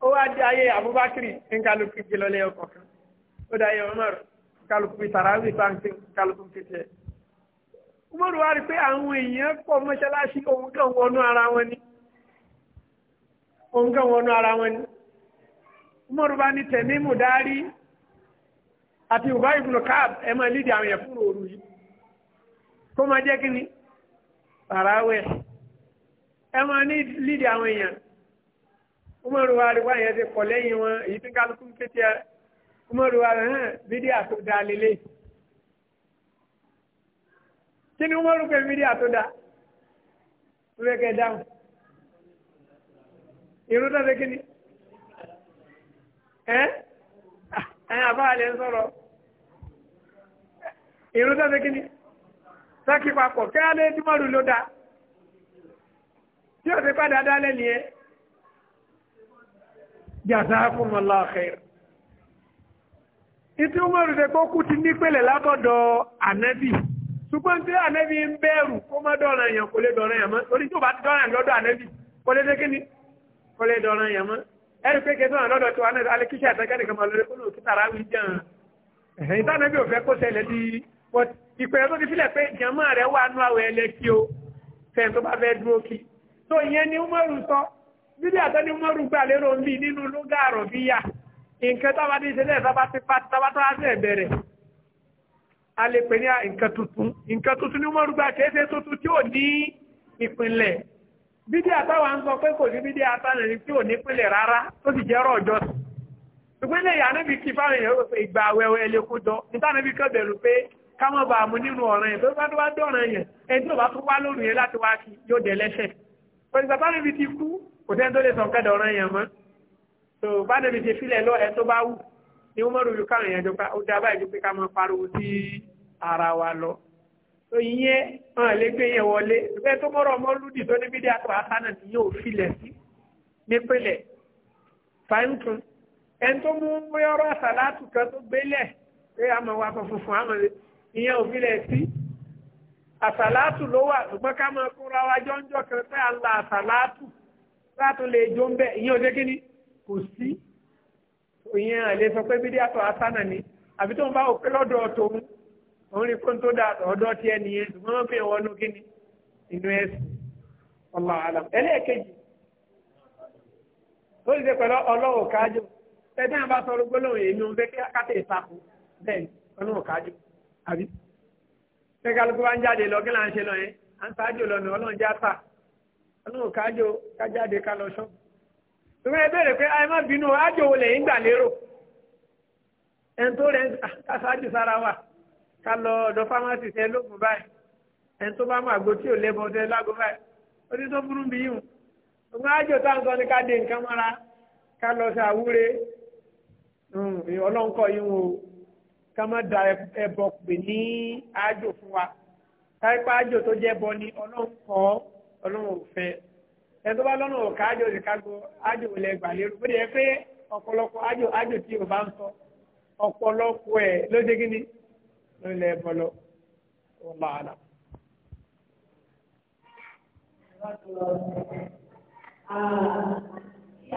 ó wá dé ayé Abubakari nkálukú gbé lọ́lẹ́ ọkọ̀ kan ó dá ayé Umar nkálukú sàràwì pàǹtí nkálukú kékeré Umar wá rí pé àwọn èèyàn pọ̀ mọ́ṣáláṣí òun kàn wọnú ara wọn ni òun kàn wọnú ara wọn ni Umar bá ní tẹ̀mí mùdárí àti Ubay ibn Ka'b ẹ̀ máa lídìí àwọn yẹn fún òru yìí kó máa jẹ́ kí ni tàràwẹ̀ ẹ máa ní lídì àwọn èèyàn umaru wa rí wáyé ti kọ̀ lẹ́yìn wọn èyí tí kálukú ń kété ẹ umaru wa rẹ̀ hàn bídí àtúndà lélẹ̀ kí ni umaru pé bídí àtúndà rẹ̀kẹ̀ dáhùn irun tó ṣe kí ni ẹ ẹ àbáwálẹ̀ ń sọ̀rọ̀ irun tó ṣe kí ni sákì papọ̀ kí á lé dímọ̀rù ló dá tí ó ti padà dá lẹ́ni ẹ́ jazakumullahu khair ìtí Umaru ṣe kó kú ti nípele látọ̀dọ̀ ànábì ṣùgbọ́n tí ànábì ń bẹ̀rù kó má dọ̀rọ̀ èèyàn kò lè dọ̀rọ̀ èèyàn mọ́ torí tí ó bá ti dọ̀rọ̀ èèyàn lọ́dọ̀ ànábì kò lè dékí ni kò lè dọ̀rọ̀ èèyàn mọ́ ẹ̀rù pé kẹsàn án lọ́dọ̀ tí wọn alẹ́ kíṣẹ́ àtẹ́kẹ́ nìkan máa lórí kó lóò kí tàrà wí jẹun ẹ̀yìn tánàbì ò fẹ́ kó ṣẹlẹ̀ di but ìpẹ̀rẹ̀ tó ti fílẹ̀ pé jẹ̀mọ́ rẹ̀ wà nú àwẹ̀ ẹlẹ́kí o fẹ́ẹ̀ tó bá fẹ́ dúró kí so ìyẹn ni umaru sọ bíbí àtọ́ ni umaru gbà lérò ń bì nínú lúgà àrọ̀ bí yà nǹkan tó bá ti ṣe lẹ́ẹ̀ sábà ti pàtó sábà tó wá bẹ̀rẹ̀ a lè pè ní nǹkan tuntun nǹkan tuntun ni umaru gbà kìí ṣe tuntun tí ò ní ìpínlẹ̀ bíbí àtàwọn ń sọ pé kò sí bíbí àtàwọn tí ìpínlẹ̀ rárá tó sì jẹ́rọ̀ ọjọ́ káwọn bá mú nínú ọ̀ràn yẹn tó bá tó bá dọ̀ràn yẹn ẹni tó bá tó wá lóru yẹn láti wá kí yóò dẹ̀ lẹ́sẹ̀ pẹ̀lú bàbá níbi ti kú kò sẹ́ni tó lè sàn kẹ́dọ̀ ọ̀ràn yẹn mọ́ tó bá níbi ti filẹ̀ lọ ẹ tó bá wù ni wọ́n mọ̀rọ̀ yóò káwọn yẹn jọ pé ó dá báyìí ju pé ká máa pariwo sí ara wa lọ tó yẹn hàn lé gbé yẹn wọlé bẹ́ẹ̀ tó mọ̀rọ̀ ọmọ lùdì tó níbi dí tó ìyẹn òfilẹ̀ sí àsàlátù ló wà ṣùgbọ́n ká máa kóra wa jọ́njọ́ kan pé à ń la àsàlátù látò lè jó ń bẹ̀ ìyẹn òde kíní kò sí ìyẹn àlè sọ pé bídí àtọ̀ asánà ni àbí tó ń bá òpé lọ́dọ̀ tòun òun rí kó tó dáa ọ̀dọ́ tiẹ̀ nìyẹn ṣùgbọ́n wọ́n fi hàn wọnú inú ẹ̀sìn ẹlẹ́ẹ̀kejì ó lè pẹ̀lú ọlọ́wọ̀ kájọ sọ àbí kẹkálukú bá ń jáde lọ kí là ń ṣe lọ yẹn à ń sáájò lọnà ọlọ́run tà ọlọ́run kájò kájáde ká lọ sọ. ìwé ìbéèrè pé ayé má bínú ájò wo lè ń gbà lérò ẹni tó rẹ ká sáájò sára wà ká lọ ọ̀dọ̀ fámásì tẹ lóògùn báyìí ẹni tó bá mọ àgbo tí ò tẹ lágbo báyìí ó ti tó burú bí yìí ni ká de nǹkan mọ́ra ká lọ sí àwúre yìí ká má da ẹbọ pè ní àjò fún wa káyipá tó bọ ni ọlọ́run kọ́ ọlọ́run ẹ tó bá lọ́nà òkà àjò lè ká gbọ́ àjò lè gbà lérò bó dẹ̀ pé ọ̀pọ̀lọpọ̀ àjò o bá ń sọ ló dé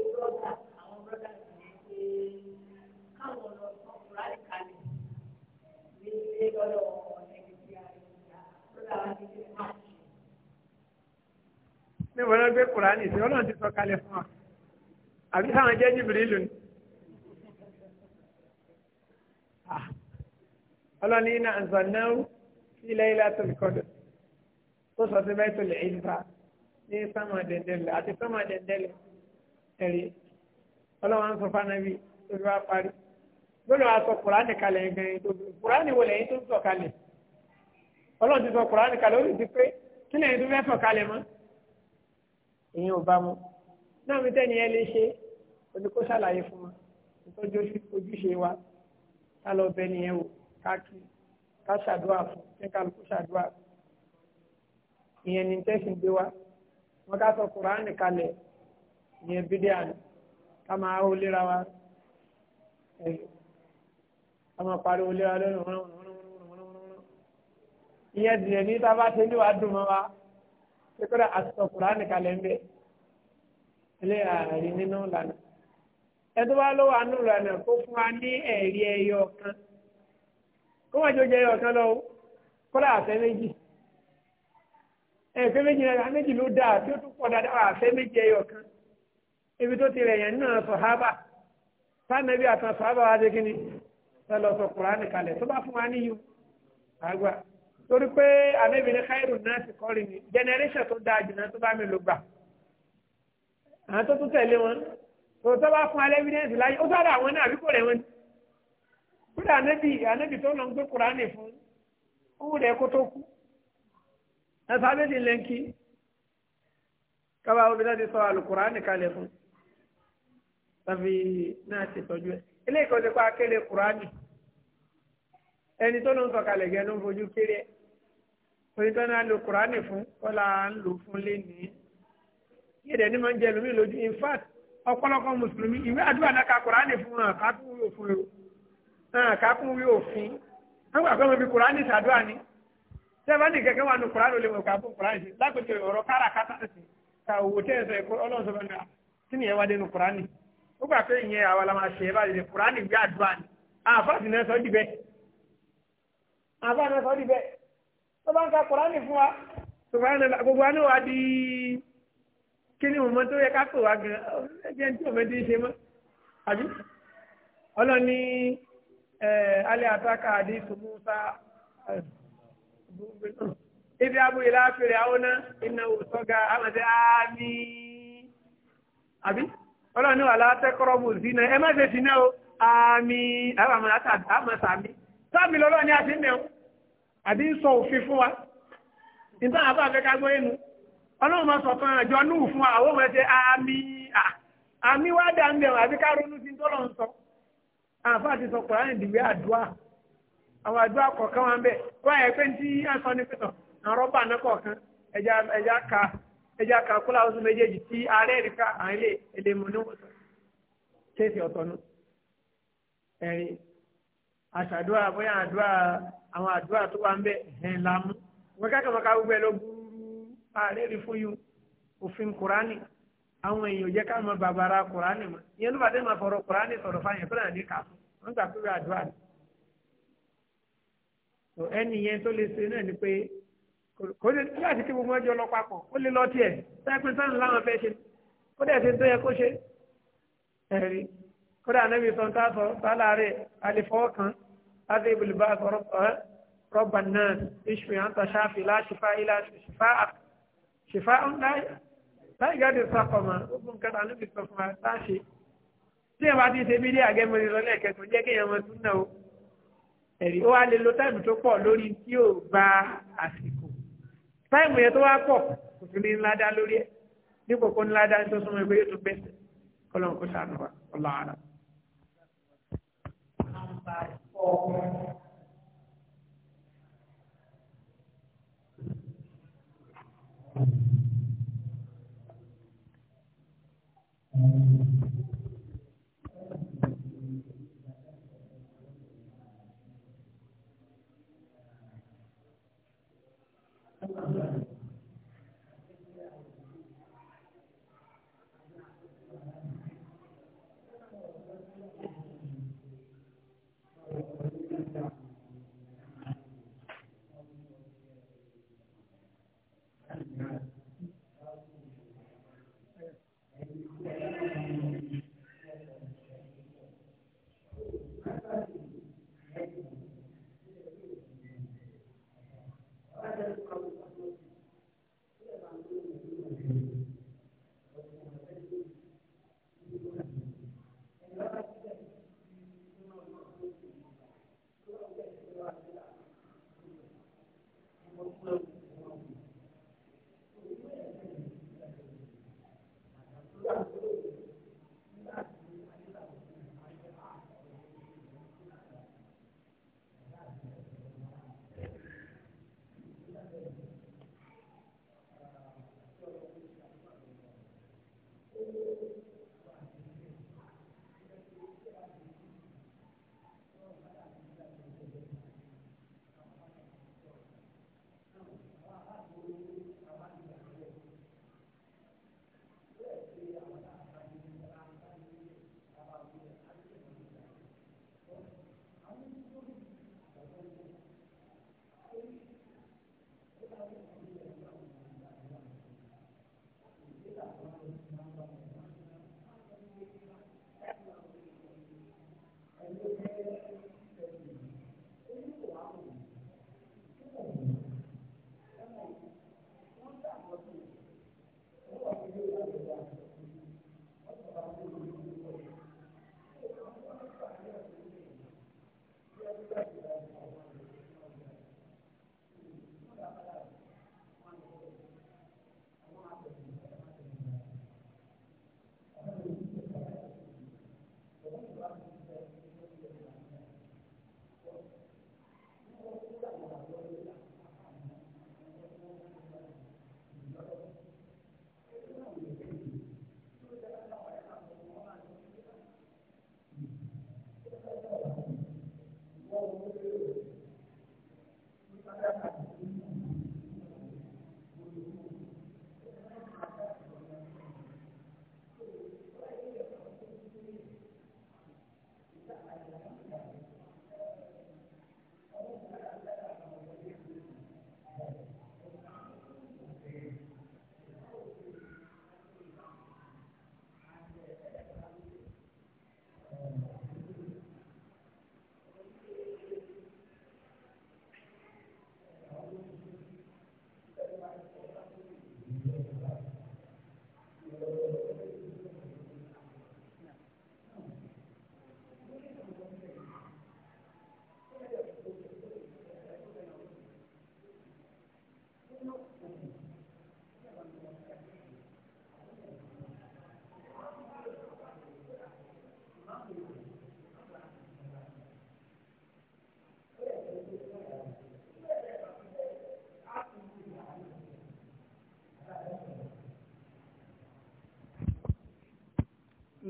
níbo ló gbé kùránì sí ọlọ́run ti sọ kalẹ̀ fún wa àbí sáwọn jẹ́ jìbìrì lónìí. ọlọ́ni iná àǹzọ̀nàwó sí ilẹ̀ ilẹ̀ àtòlùkọ́dọ̀ tó sọ sí bẹ́ẹ̀ tó lè ẹ̀yìn fa ní sámà dẹ̀ndẹ̀lẹ̀ àti sámà dẹ̀ndẹ̀lẹ̀ ẹ̀rí ọlọ́wọ́n sọ fánábì tó fi wá parí gbọ́dọ̀ àsọ kùránì kalẹ̀ gan-an tó kùránì wọlé yìí tó ń sọ kalẹ̀ ọlọ́run ti sọ kùránì kalẹ̀ ó lè ti pé kí lẹ́yìn tó fẹ́ sọ̀ kalẹ̀ mọ́ ìyẹn ò bá mu náà mi tẹ́ni ẹ lè ṣe o ní kó ṣàlàyé fún wa ìtọ́jú ojúṣe wa ká lọ bẹ nìyẹn o ká kí ká ṣàdúrà fún kí kálukú ṣàdúrà ìyẹn ní tẹ́sìn gbé wa wọn ká sọ kùránì kalẹ̀ ìyẹn bídíà ni ká máa ó léra wa ká máa pariwo léra lónìí wọn ìyẹn dìde ní tábà tí ní wàá dùn mọ́ wa pé kódà àtúntò kùránì kalẹ̀ ń bẹ ilé ààrí nínú lànà ẹtọ́ bá lọ́wọ́ àánú lànà kó fún wa ní ẹ̀rí ẹyọ kan kó wọ́n jọ jẹ ẹyọ kan lọ́wọ́ kódà àfẹ́ méjì ẹ̀fẹ́ méjì náà méjì ló dáa tí ó tún pọ̀ dáadáa àfẹ́ méjì ẹyọ kan ibi tó ti rẹ̀ yẹn náà sọ̀hábà sànẹ́bí àtàn sọ̀hábà wa dé kí ni sọ̀lọ̀ sọ̀ kùránì kalẹ̀ tó bá fún wa níyù àgbà torí pé anábì ní káírù náà ti kọrin ní generation tó dáa jù náà tó bá mi lò gbà àwọn tó tún tẹ̀lé wọn tó tó bá fún alẹ́ evidence láyé ó sáré àwọn náà àbí kò rẹ̀ wọn ni kódà anábì anábì tó lọ ń gbé kuraani fún ó wù rẹ̀ kó tó kú ẹ̀sọ́ abẹ́sì lẹ́ńkì kábàá obìnrin ti sọ alukuraani kalẹ̀ fún tàbí náà ti tọ́jú ẹ̀ eléyìí kan ti kọ́ akélé kuraani ẹni tó ló ń sọ kalẹ̀ gẹ́ ló ń fojú kéré ẹ̀ onítọ́ náà lo kùránì fún kọ́lá ń lò fún lénìí yìí dẹ̀ ní máa ń jẹ lómi lójú in fact ọ̀pọ̀lọpọ̀ mùsùlùmí ìwé àdúrà náà ka kùránì fún hàn kákún wí òfin hàn kákún wí òfin wọ́n gbà pé mo fi kùránì sàdúrà ni sẹ́fẹ́ni kẹ̀kẹ́ wà ní kùránì olè mọ̀ká fún kùránì sí lápẹ̀tẹ̀ ọ̀rọ̀ káràkátà sí ka òwò tẹ́sẹ̀ ọlọ́sọ̀rọ̀ ó gbà pé ìyẹn àwọn la máa ṣe ẹ báyìí kùránì gbé àdúrà ni àfáàsì náà sọ dìbẹ́ àfáàsì náà sọ dìbẹ́ bá ń ka kùránì fún wa lọ gbogbo àná wa di kíni mọ̀mọ́ tó yẹ ká pè wá gan ẹgbẹ́ tí òun ti ṣe àbí ibi abúlé láfẹ̀rẹ̀ àwọn náà iná òsọ́gà àmọ̀tẹ́ àmì àbí wà sí náà ẹ má ṣe sí náà o àwọn àbí ń sọ òfin fún wa nígbà àbá àfẹ́ká gbọ́ inú ọlọ́run máa sọ kan àjọ núù fún àwọn ọmọ ẹ̀ṣẹ̀ àmì àmì wá dà ń bẹ̀rù àbí ká ronú sí tọ́lọ̀ ń sọ àǹfààní ti sọ kùránì dìgbé àdúrà àwọn àdúrà kọ̀ọ̀kan wa ń bẹ̀ pé tí a sọ ní pẹ̀tọ̀ àwọn rọ́bà náà kọ̀ọ̀kan ẹja ka ẹja ka oṣù méjèèjì tí àṣàdúrà bóyá àdúrà àwọn àdúrà tó wà ń bẹ ẹ̀hìn lámú wọn kẹ́kọ̀ọ́ máa ká gbogbo ẹ̀ ló gbúrú ààrẹ rí fún yín òfin kùránì àwọn èèyàn jẹ́ ká mọ bàbára kùránì mọ́ ìyẹn ló bá dé máa fọ̀rọ̀ kùránì sọ̀rọ̀ fáyẹn tó ní kà wọn gbà pé àdúrà ni. ẹni yẹn tó lè ṣe náà ni pé kò ní láti kí gbogbo ọjọ́ lọ papọ̀ ó lè lọ tiẹ̀ sáyẹ́pẹ́ sáyẹ́n láwọn fẹ́ ṣe kó dẹ̀ ṣe tó yẹ kó ṣe ẹ̀rí kódà náà mi sọ tá a sọ sálárè àlefọwọ́ kan láti ibùdó sọ̀rọ̀ rọ́bà náà iṣu yàn tó ṣáfi láṣìfá ilá ṣìfá ń láyé láyé gáàdì sákọ̀ mọ́ ó fún kẹta níbi sọ fún wa láṣẹ tí ẹ bá ti ṣe bídí àgẹ́mọ́ni lọ́lẹ́ kẹsàn-án jẹ́ kéèyàn máa tún náà o ẹ̀rí ó wá lè lo táìmù tó pọ̀ lórí tí ò gba àsìkò táìmù yẹn tó wá pọ̀ kò sí ní ńlá dá lórí ẹ̀ dípò kó ńlá dá tó súnmọ́ ẹgbẹ́ yóò tún bẹ́sẹ̀ kọ́lọ́n kó ṣàánú wa ọlọ́run by four. Thank you.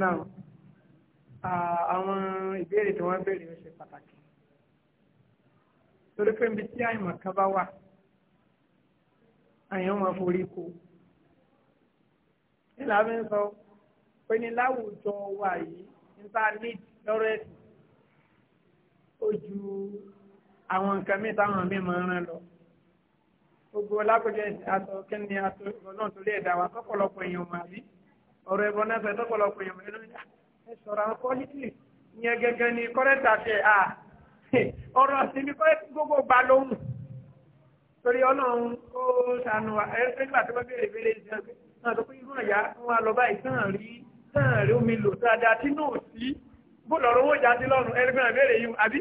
náà uh, àwọn ìbéèrè tí wọ́n béèrè ó ṣe pàtàkì torí pé níbi tí àìmọ̀ kan bá wà àyàn máa forí ko nílà bí ń sọ pé ní láwùjọ wa yìí níta ní lọ́rọ̀ ẹ̀sìn ó ju àwọn nǹkan míì táwọn míì máa ń rán lọ gbogbo lápẹjẹ aṣọ kí ni aṣọ ìrọ̀lọ́run torí ẹ̀dá wa kọ́pọ̀lọpọ̀ èèyàn màbí ọ̀rọ̀ ẹ̀bọ̀n náà fẹ́ tọ́pọ̀lọpọ̀ èèyàn nínú ẹ sọ̀rọ̀ àwọn pọ́lítì ìyẹn gẹ́gẹ́ ni kọ́rẹ́tì àti à ọ̀rọ̀ ọ̀sìn ní kọ́rẹ́tì gbogbo gbà lóhùn torí ọlọ́run ó sànù ẹgbà tó bá béèrè béèrè ìṣẹ́ náà tó pé irú àyà wọn lọ báyìí tán rí tán rí omi lò dáadáa tí náà sí bó lọ́rọ̀ owó jáde lọ́rùn ẹgbẹ́ náà béèrè yìí àbí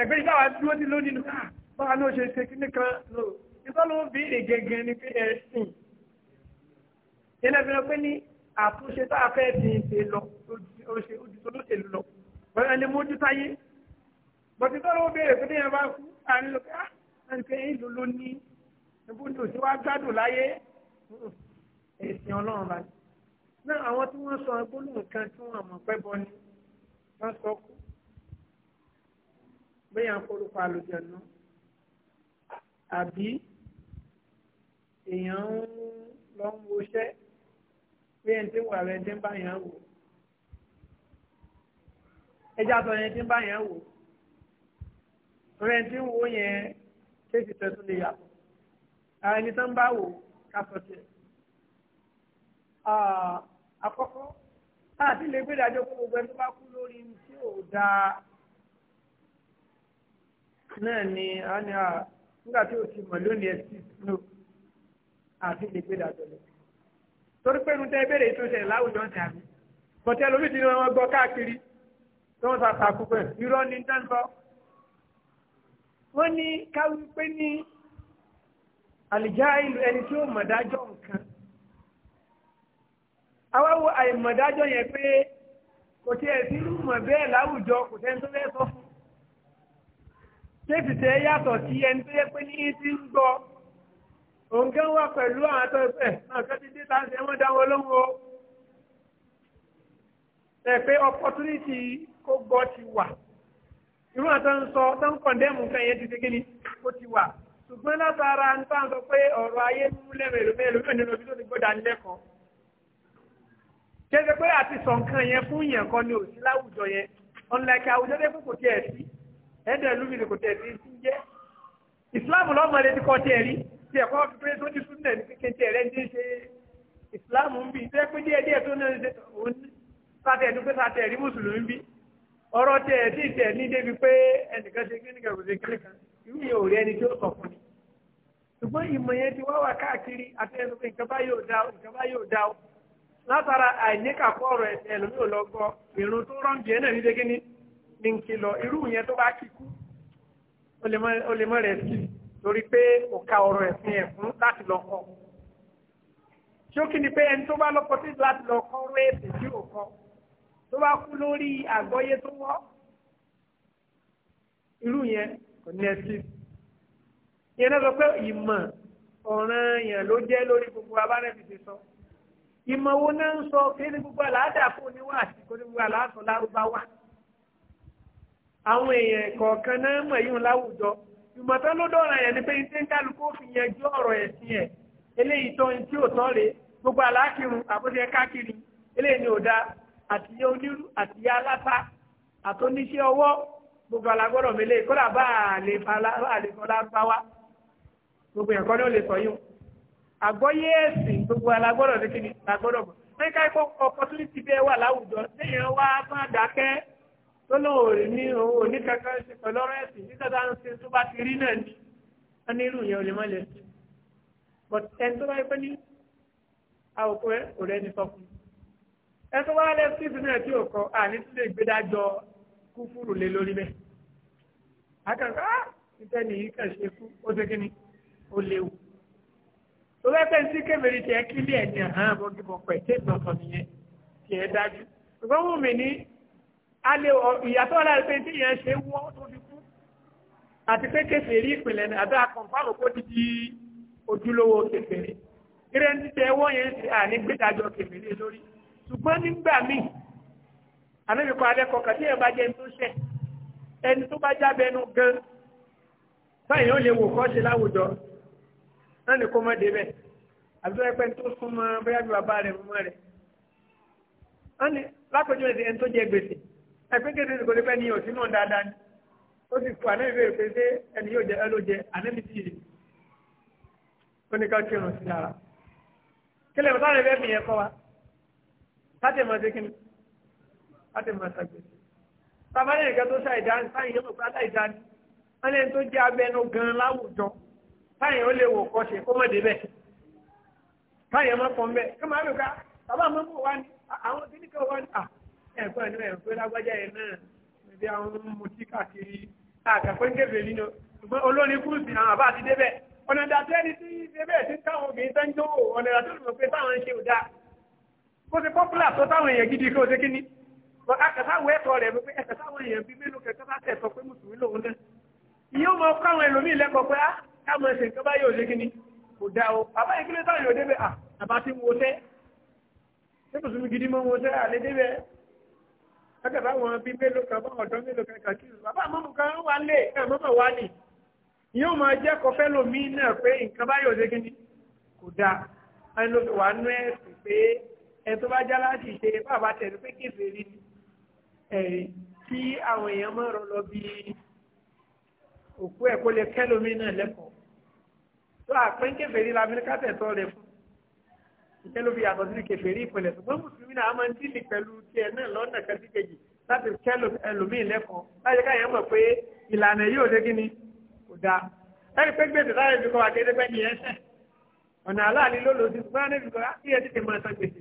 ẹgbẹ́ ìdáwà dúró ní lónìí nù báwa náà ṣe ṣe kíní kan lò ìtọ́lọ́wọ́ béèrè gẹ́gẹ́ ni pé ẹ̀sìn ilẹ̀ fi hàn pé ní àtúnṣe tá a fẹ́ ti ṣe lọ ojútó lóṣèlú lọ bọ́lá ni mójú táyé bọ́tí tọ́lọ́ béèrè pé téèyàn bá kú àní lọ pé ah nǹkan ìlú ló ní ẹbú ní òṣèwà gbádùn láyé ẹ̀sìn ọlọ́run bá ní. náà àwọn tí wọ́n sọ gbólóhùn kan tí wọ́n mọ̀ pẹ́ bọ́ ni wọ́n sọ kú bẹ́ẹ̀ ń forúkọ àlùjẹ̀nu àbí èèyàn ń lọ ń woṣẹ́ pé ẹni tí ń wà rẹ ti ń bá yẹn wò ẹjá sọ yẹn ti ń bá yẹn wò rẹ ti ń wò yẹn kéèkì tẹ̀tún lè yàtọ̀ ara ẹni tó ń bá wò ká tiẹ̀ àkọ́kọ́ láti lè gbé ìdájọ́ fún gbogbo ẹni tó bá kú lórí tí ò dáa náà ni a ní a nígbà tí o ti mọ̀ lónìí ẹ̀ sí no àti lè gbé ìdájọ́ lọ torí pé nu tẹ́ bẹ̀rẹ̀ ètò ìṣẹ̀lẹ̀ láwùjọ ń tàbí bọ̀tẹ́ lómi ti ní wọn gbọ́ káàkiri tó ń sàkà kúpẹ̀ irọ́ ní dáńtọ́. wọ́n ní káwí pé ní àlìjá ìlú ẹni tí ó mọ̀dájọ́ nǹkan awáwo àìmọ̀dájọ́ yẹn pé kò tiẹ̀ sí mọ̀ bẹ́ẹ̀ láwùjọ kò tẹ́ni tó fẹ́ sọ fún. tẹ́sì tẹ́ yàtọ̀ sí ẹni tó yẹ pé ní ti ń gbọ́ òǹkẹ́ wà pẹ̀lú àwọn tó fẹ́ àǹkẹ́ ti dé táǹsì ẹ̀wọ̀n dáwọ́ lóhùn o ẹ̀ opportunity kó gbọ́ ti wà irú àti ń sọ tó ń kọ̀ndẹ́mù nǹkan yẹn ti ṣe kíni ó ti wà ṣùgbọ́n látara ń bá ń sọ pé ọ̀rọ̀ ayé mú lẹ́mẹ̀lú mẹ́lú nínú ojú tó ti gbọ́dọ̀ nílẹ́kọ̀ọ́ kéde pé àti sọ nǹkan yẹn tí ẹ̀kọ́ fi pé tó ní súnlẹ̀ ní kíkẹ́ tí ẹ̀rẹ́ ń dé ṣe ìsìláàmù ń bì tó yẹ pé díẹ̀ díẹ̀ tó náà òun sátẹ̀ ẹ̀dún pé sátẹ̀ ẹ̀rí mùsùlùmí ń bì ọ̀rọ̀ tẹ̀ ẹ̀ tí tẹ̀ ní débi pé ẹnìkan ṣe kíníkan kò ṣe kíníkan irú yẹn ò rí ẹni tí ó sọ fún mi. ṣùgbọ́n ìmọ̀ yẹn ti wá wà káàkiri àtẹ̀yẹsọ pé nǹkan bá yóò dá o nǹkan bá o látara àìníkàkọ́ ọ̀rọ̀ ẹ̀sẹ̀ ẹ̀lómi ò lọ gbọ́ ìrun tó rọ́ǹdì ẹ̀ náà ní dégé ní ní nkìlọ̀ irú yẹn tó bá kíkú ó lè mọ torí pé ó ka ọ̀rọ̀ ẹ̀sìn ẹ̀ fún láti lọ kọ́ ṣókí ni pé ẹni tó bá lọ́kọ sí láti lọ kọ́ ọ̀rọ̀ ẹ̀sìn tí ò kọ́ tó bá kú lórí àgbọ́yé tó wọ́ irú yẹn kò ní ẹsí yẹn náà sọ pé ìmọ̀ ọ̀ràn yẹn ló jẹ́ lórí gbogbo abánẹ́bí sọ ìmọ̀ wo náà ń sọ kí ní gbogbo àlàáfíà fún oníwà àti kó ní gbogbo àlàáfíà lárúbáwá àwọn èèyàn kọ̀ọ̀kan náà mọ̀ yíwọn láwùjọ ìmọ̀tọ́ ló dọ̀rọ̀ yẹn ni pé ní sẹ́ńtàlù kó fi yanjú ọ̀rọ̀ ẹ̀sìn ẹ̀ eléyìí tó ń tí ò tọ́ rè gbogbo aláàkirun àbúṣe káàkiri eléyìí ni ò da àtìyẹ onírú àtìyẹ aláta àtọ́níṣẹ́ ọwọ́ gbogbo alágbọ́dọ̀ mélé kódà bá àlè fọlá bá wá gbogbo ẹ̀kọ́ ni ó lè sọ yìí àgbọ́yé ẹ̀sìn gbogbo alágbọ́dọ̀ ní kíni alágbọ́dọ̀ bọ̀ mẹ́ka ikọ̀ opportunity bẹ́ẹ̀ tó lóun ò ní òun ò ní kankan ṣe pẹ̀lú ọ̀rọ̀ ẹ̀sìn títà tá à ń ṣe tó bá ti rí náà ni wọ́n ní irú yẹn ò lè má lè sùn but ẹni tó bá yẹ pé ní àwòkọ́ ẹ kò rẹ́ni sọ́kùn ẹni tó bá lẹ́ sí ìpínlẹ̀ tí ò kọ́ àní tí lè gbé dájọ́ kúfúrú lé lórí bẹ́ẹ̀ akẹ́kọ̀ọ́ á ah, ìtẹ́ nìyí kàn ṣe kú ó ṣe kí ni ó léwu tó bá pẹ́ sí kébèrè tiẹ̀ kílí ẹ̀ ní àhán bọ́gìbọ̀ pẹ̀ tẹ́gbọ̀n alẹ́ ìyàtọ̀ aláàrẹ pé tí ìyẹn ṣe wọ́n tó fi kú àti pé kèfèrí ìpìlẹ̀ ní di ojúlówó kèfèrí irẹ́ ní tẹ ẹwọ́ yẹn ṣe àní gbẹ́dájọ́ kèfèrí lórí ṣùgbọ́n nígbà míì àmẹ́bíkọ alẹ́kọ̀ọ́ kàtí ẹ̀ bá jẹ́ ní tó ṣẹ̀ ẹni tó bá jábẹ́nu gan báyìí ó lè wò kọ́ ṣe láwùjọ náà ní kó mọ́ débẹ̀ àbí tó yẹ pé tó súnmọ́ bóyá bí bàbá rẹ̀ mọ́ rẹ̀ lápẹjọ́ ẹni tó jẹ gbèsè ẹgbẹ́ kéde ìdìbò ní bẹ́ẹ̀ ni òsínú dáadáa ni ó sì fún ànábì bẹ́ẹ̀ pé ṣé ẹni yóò jẹ ẹlójẹ ànábì sì yìí ó ní ká kírun sí ara kílẹ̀ mọ́tò àwọn ẹgbẹ́ mi yẹn kọ́ wa láti mọ̀ sí kíni láti mọ̀ sàgbẹ̀ bàbá lẹ́yìn kan tó ṣàìdáni sáyìn yóò pé aláìdáni wọ́n lẹ́yìn tó jẹ́ abẹnú gan láwùjọ sáyìn ó lè wò kọ́ ṣe kó mọ̀ débẹ̀ sáyìn ọmọ kan bẹ́ẹ̀ kí ẹ̀kọ́ ẹ̀nu ẹ̀kọ́ lágbájá yẹn náà ẹ̀bí àwọn mutí káàkiri àkàkọ́ ń kébè nínú ṣùgbọ́n olórin kúrúsì àwọn àbá àti débẹ̀ ọ̀nà ìdàtọ́ ẹni tí débẹ̀ ti táwọn obìnrin tán jó ọ̀nà ìdàtọ́ ló pé táwọn ń ṣe òdà kó ṣe pọ́pùlà tó táwọn èèyàn gidi kó ṣe kíní akàtàwọ̀ ẹ̀tọ́ rẹ̀ pé ẹ̀kàtàwọ̀ èèyàn bíi mélòó kẹta bá tẹ̀ sọ pé mùsùlùmí lòun náà ah, ah, gidi mọ́ wo tẹ́ lọ́kẹ̀ báwọn bí mélòó kan báwọn ọ̀dọ́ mélòó kan kàkí bàbá àmọ́mù kan wà lè náà mọ́mọ̀ wà ní yóò máa jẹ́ kọfẹ́ lomi náà pé nǹkan báyìí ò dégí ni kò dáa ẹni ló fi wà nú ẹ̀sìn pé ẹni tó bá já láti ṣe bàbá tẹ̀lé pé kéfèé rí ni kí àwọn èèyàn máa rọ lọ bí òkú ẹ̀ kó lè kẹ́ lomi náà lẹ́kọ̀ọ́ tó àpín kéfèé rí lamẹ́ríkà tẹ̀tọ́ rẹ̀ ìtẹ́ ló fi yàtọ̀ sí kèfèrí ìpìlẹ̀ ṣùgbọ́n mùsùlùmí náà a máa ń dìlì pẹ̀lú tiẹ̀ náà lọ́nà kẹsí kejì láti kẹ́ ẹlòmíì lẹ́kọ̀ọ́ láti káyọ̀ mọ̀ pé ìlànà yóò dé kí ni kò dáa láti pé gbèsè láti fi kọ́ wa kéde pẹ́ ní ẹsẹ̀ ọ̀nà aláàlí ló lò sí ṣùgbọ́n ẹni fi kọ́ kí ẹ tètè máa san gbèsè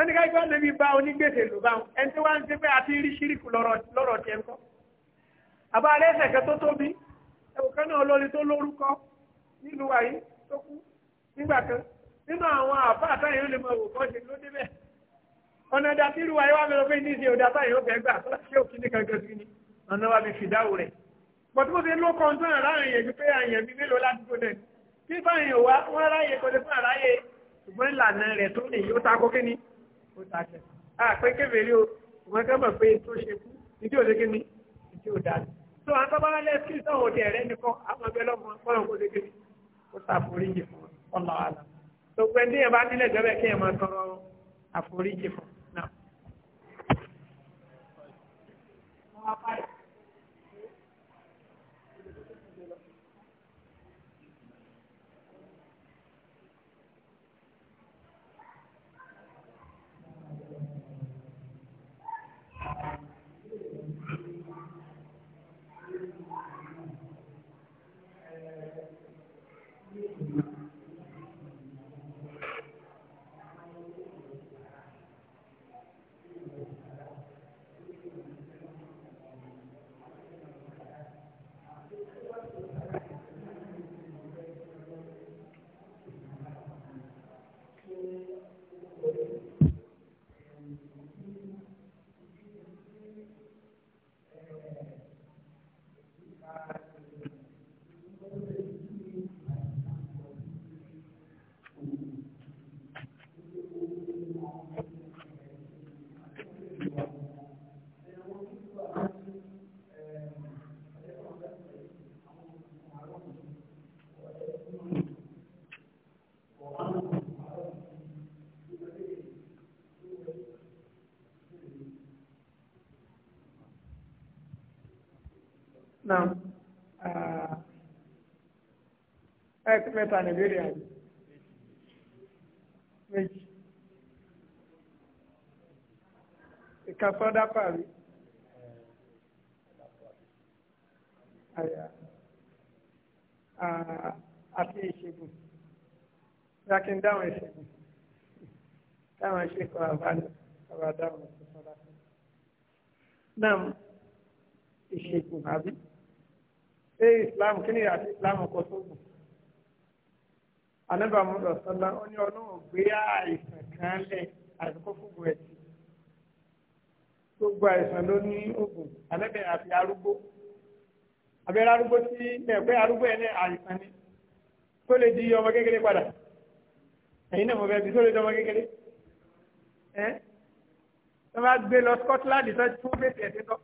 ẹni ká gbọ́n níbi bá onígbèsè lò bá ẹni tó wá ń ṣe pé àti rí ṣíríkù lọ́rọ̀ tiẹ̀ ńkọ́ àbá alẹ́ ẹsẹ̀ kẹ́ tó tóbi ẹ̀wọ̀n kan náà olórí tó nígbà kan nínú àwọn àbá àtàyè lè mọ òkò ṣe ló débẹ̀ ọ̀nà ìdá tí ìrúwa yẹn wá mi lọ pé ní ìṣe òdà táyè ó fẹ́ gbà ṣé òkì ní kankan sí ni ọ̀nà wa mi fìdáwò rẹ̀ bọ̀tí mo ti ló kan tó hàn láàrin yẹn ju pé àyàn mi mélòó ládùúgbò náà tí báyìí wá wọ́n ráyè kò lè fún àráyè ṣùgbọ́n ìlànà rẹ̀ tó lè yóò ta kókè ní ó o ṣùgbọ́n kẹ́mọ̀ pé tó ṣe kú ní tí ò lé kémi ní tí ò dá ní. tó àwọn tọ́ba lẹ́ sí ìtàn òde rẹ nìkan àwọn ọgbẹ́ lọ́mọ kọ́lọ̀ kó lé kémi ó yìí fún ọ tó pẹ́ ní ẹ̀bá nílẹ̀ ìjọba kí ẹ̀ máa tọrọ àforíjì fún náà. náà ẹ pé mẹ́ta ní ìbéèrè àná méjì ìkàsọ́dá pàrí. Ah, àti ìṣègùn lákín dáhùn ìṣègùn táwọn ìṣègùn àbálẹ̀ àbádáhùn ìṣègùn lákín. náà ìṣègùn àbí ṣé islam kí ni àti islam kọ tó gùn anábà mọ́tò sọ́lá ó ní ọlọ́run gbé àìsàn kan lẹ̀ àìsànkó fúngun ẹ̀ sí gbogbo àìsàn ló ní oògùn anábẹ̀ àfi arúgbó abẹ́rẹ́ arúgbó tí ẹ̀pẹ́ arúgbó ẹ̀ ní àìsàn ni tó lè di ọmọ kékeré padà ẹ̀yin náà mo bẹ bí tó lè di ọmọ kékeré ẹ́ tó bá gbé lọ Scotland tó tún bèsè ẹ̀ sí tọ́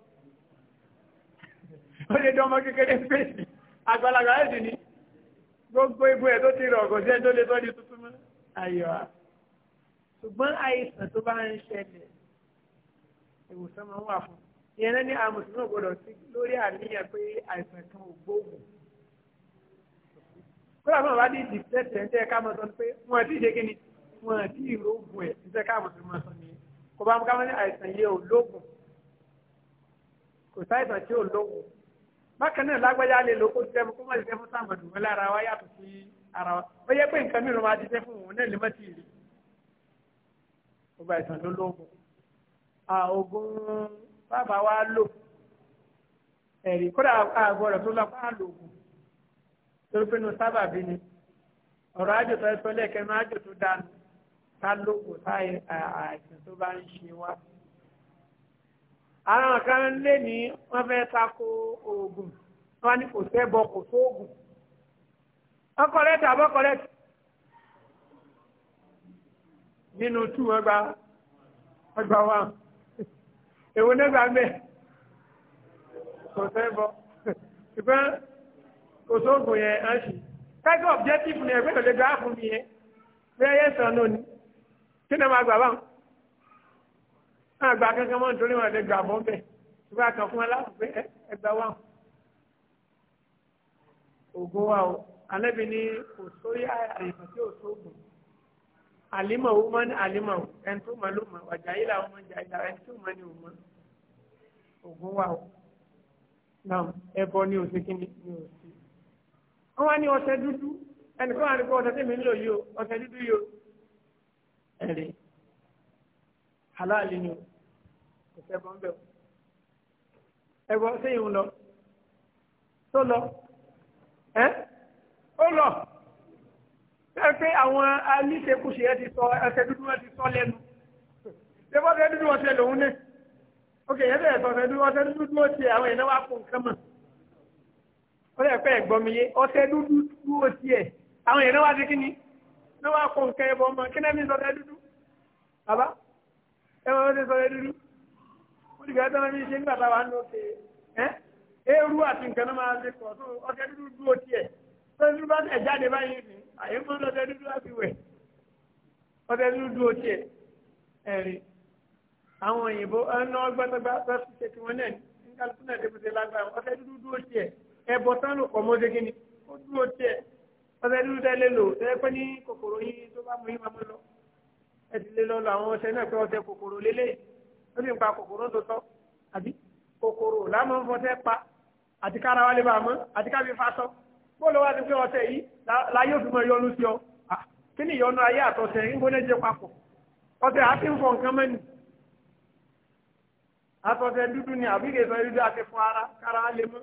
ó lè dánmọ́ kékeré fèsì àgbàlagbà ẹ̀sìn ni gbogbo ibu ẹ̀ tó ti rọ̀ kò sí ẹ̀ tó lè tọ́ di tuntun mọ́ ayọ̀ a ṣùgbọ́n àìsàn tó bá ń ṣẹlẹ̀ ìwòsàn máa ń wà fún ìyẹn náà ní àwọn mùsùlùmí gbọdọ̀ sí lórí àníyàn pé àìsàn kan ò gbóògùn kódà fún àwọn àdìsí tẹ̀sẹ̀ ń tẹ́ ká mọ̀ sọ pé wọ́n ti ṣe kíni wọ́n ti ìrógùn ẹ̀ ń tẹ́ ká mọ̀ sọ ni kò bá mú ká mọ̀ ní àìsàn yẹ ò lóògùn kò sáìsàn tí ò lóògùn bákan náà lágbájá lè lo kó ti sẹ́fún kó má ti sẹ́fún sáà mọ̀dùn wọlé ara wa yàtọ̀ sí ara wa ó yẹ pé nǹkan mìíràn máa ti sẹ́fún òun náà lè má ti rí gbogbo àìsàn ló lóògùn àògùn bàbá wa lò ẹ̀rí kódà àgbọ̀rọ̀ tó lọ́pọ̀ àlòògùn torí pé inú sábà bí ni ọ̀rọ̀ àjò tó ẹ sọ lẹ́ẹ̀kẹ́ inú àjò tó dánu ká lóògùn táyé àìsàn tó bá ń ṣe wá àwọn kan lé ní wọ́n fẹ́ tako oògùn wọ́n ní kò sẹ́bọ kò sóògùn ọkọlẹ́tì àbọ̀kọlẹ́tì nínú tú ọgbà ọgbà wa èwo nígbà mẹ kò sẹ́bọ ṣùgbọ́n kò sóògùn yẹn á sì kájú objective ni ẹgbẹ́ ìlẹ́gbẹ́ àfún mi yẹn bí ẹ yẹ sọ náà ni kí ni wọ́n gbà báwọn àgbà kankan mọ́ nítorí wọn lè gbà bọ́ bẹ́ẹ̀ ìgbà kan fún aláwọ̀ pé ẹgbà wà ògùn wa o alẹ́bi ní òsórí àyàn tí òsóògùn àlímọ̀ owó mọ́ ní àlímọ̀ o ẹni tó mọ̀ ló mọ̀ ọ̀jà yìí làwọn ọmọ ìjà ìlà ẹni tó mọ̀ ní òmọ̀ ògùn wa o náà ẹbọ ní òsè kí ni òsè. wọ́n wá ní ọṣẹ dúdú ẹnìkan wà ní kó ọṣẹ tèmi ń lò yìí o ọṣẹ dúdú yìí o ẹ̀rẹ̀ aláàlì ni o ẹ̀bọ̀ ń bẹ̀ wọ́n ẹ̀bọ̀ sẹ́yìn ń lọ tó lọ ẹ́ ó lọ pé àwọn alíṣekúṣe ẹ ti sọ ẹsẹ̀ dúdú wọn ti sọ lẹ́nu ṣébọ́ fẹ́ dúdú wọn ṣe lòun náà ókè yẹn bẹ̀rẹ̀ sọ fẹ́ dúdú wọn ṣe dúdú dúró ti àwọn ìnáwó àpò nǹkan mọ̀ ó lè pẹ́ ẹ̀gbọ́n mi yé ọṣẹ dúdú dúró ti ẹ̀ àwọn ìnáwó àti kíni ìnáwó àpò nǹkan ẹ̀bọ̀ ọmọ kí náà sọ fẹ́ dúdú bàbá ẹ̀wọ̀n ó ti sọ fẹ́ dúdú ti gbẹ̀ẹ́ tọ́lá ní ṣe ń gbàtà wà nù ṣe ẹ́ eérú àti nǹkan náà máa ṣe pọ̀ tó ọtẹ dúdú dúró tiẹ̀ tó dúdú bá tẹ̀ jáde báyìí ní àyè mọ́ ọtẹ dúdú láti wẹ̀ ọtẹ dúdú dúró tiẹ̀ ẹ̀rí àwọn òyìnbó ọ̀nà ọgbẹ́tọ́gbà fẹ́ẹ́ ṣe tiwọn náà ní kálukú náà ṣe fúnṣe lágbára ọtẹ dúdú dúró tiẹ̀ ẹ̀bọ̀ tán ló pọ̀ mọ́ṣe kí ni ó dúró tiẹ̀ ọtẹ dúdú tẹ́lẹ̀ lò tẹ́lẹ̀ pé ní kòkòrò yín tó bá mú yín máa mú lọ ẹ̀ ó sì ń pa kòkòrò tó tọ́ àbí kòkòrò lámọ́ ń fọṣẹ́ pa àti kára wálé bá a mọ́ àti kábí fa sọ bó ló wá ti pé ọ̀sẹ̀ yìí láyé òfin mọ́ yọnu sí ọ kí ni ìyọnu ayé àtọ̀sẹ̀ ń bó lẹ́jẹ̀ papọ̀ ọ̀sẹ̀ àti ń fọ nǹkan mẹ́nu àtọ̀sẹ̀ dúdú ni àbí kè sọ dúdú àti fún ara kára wálé mọ́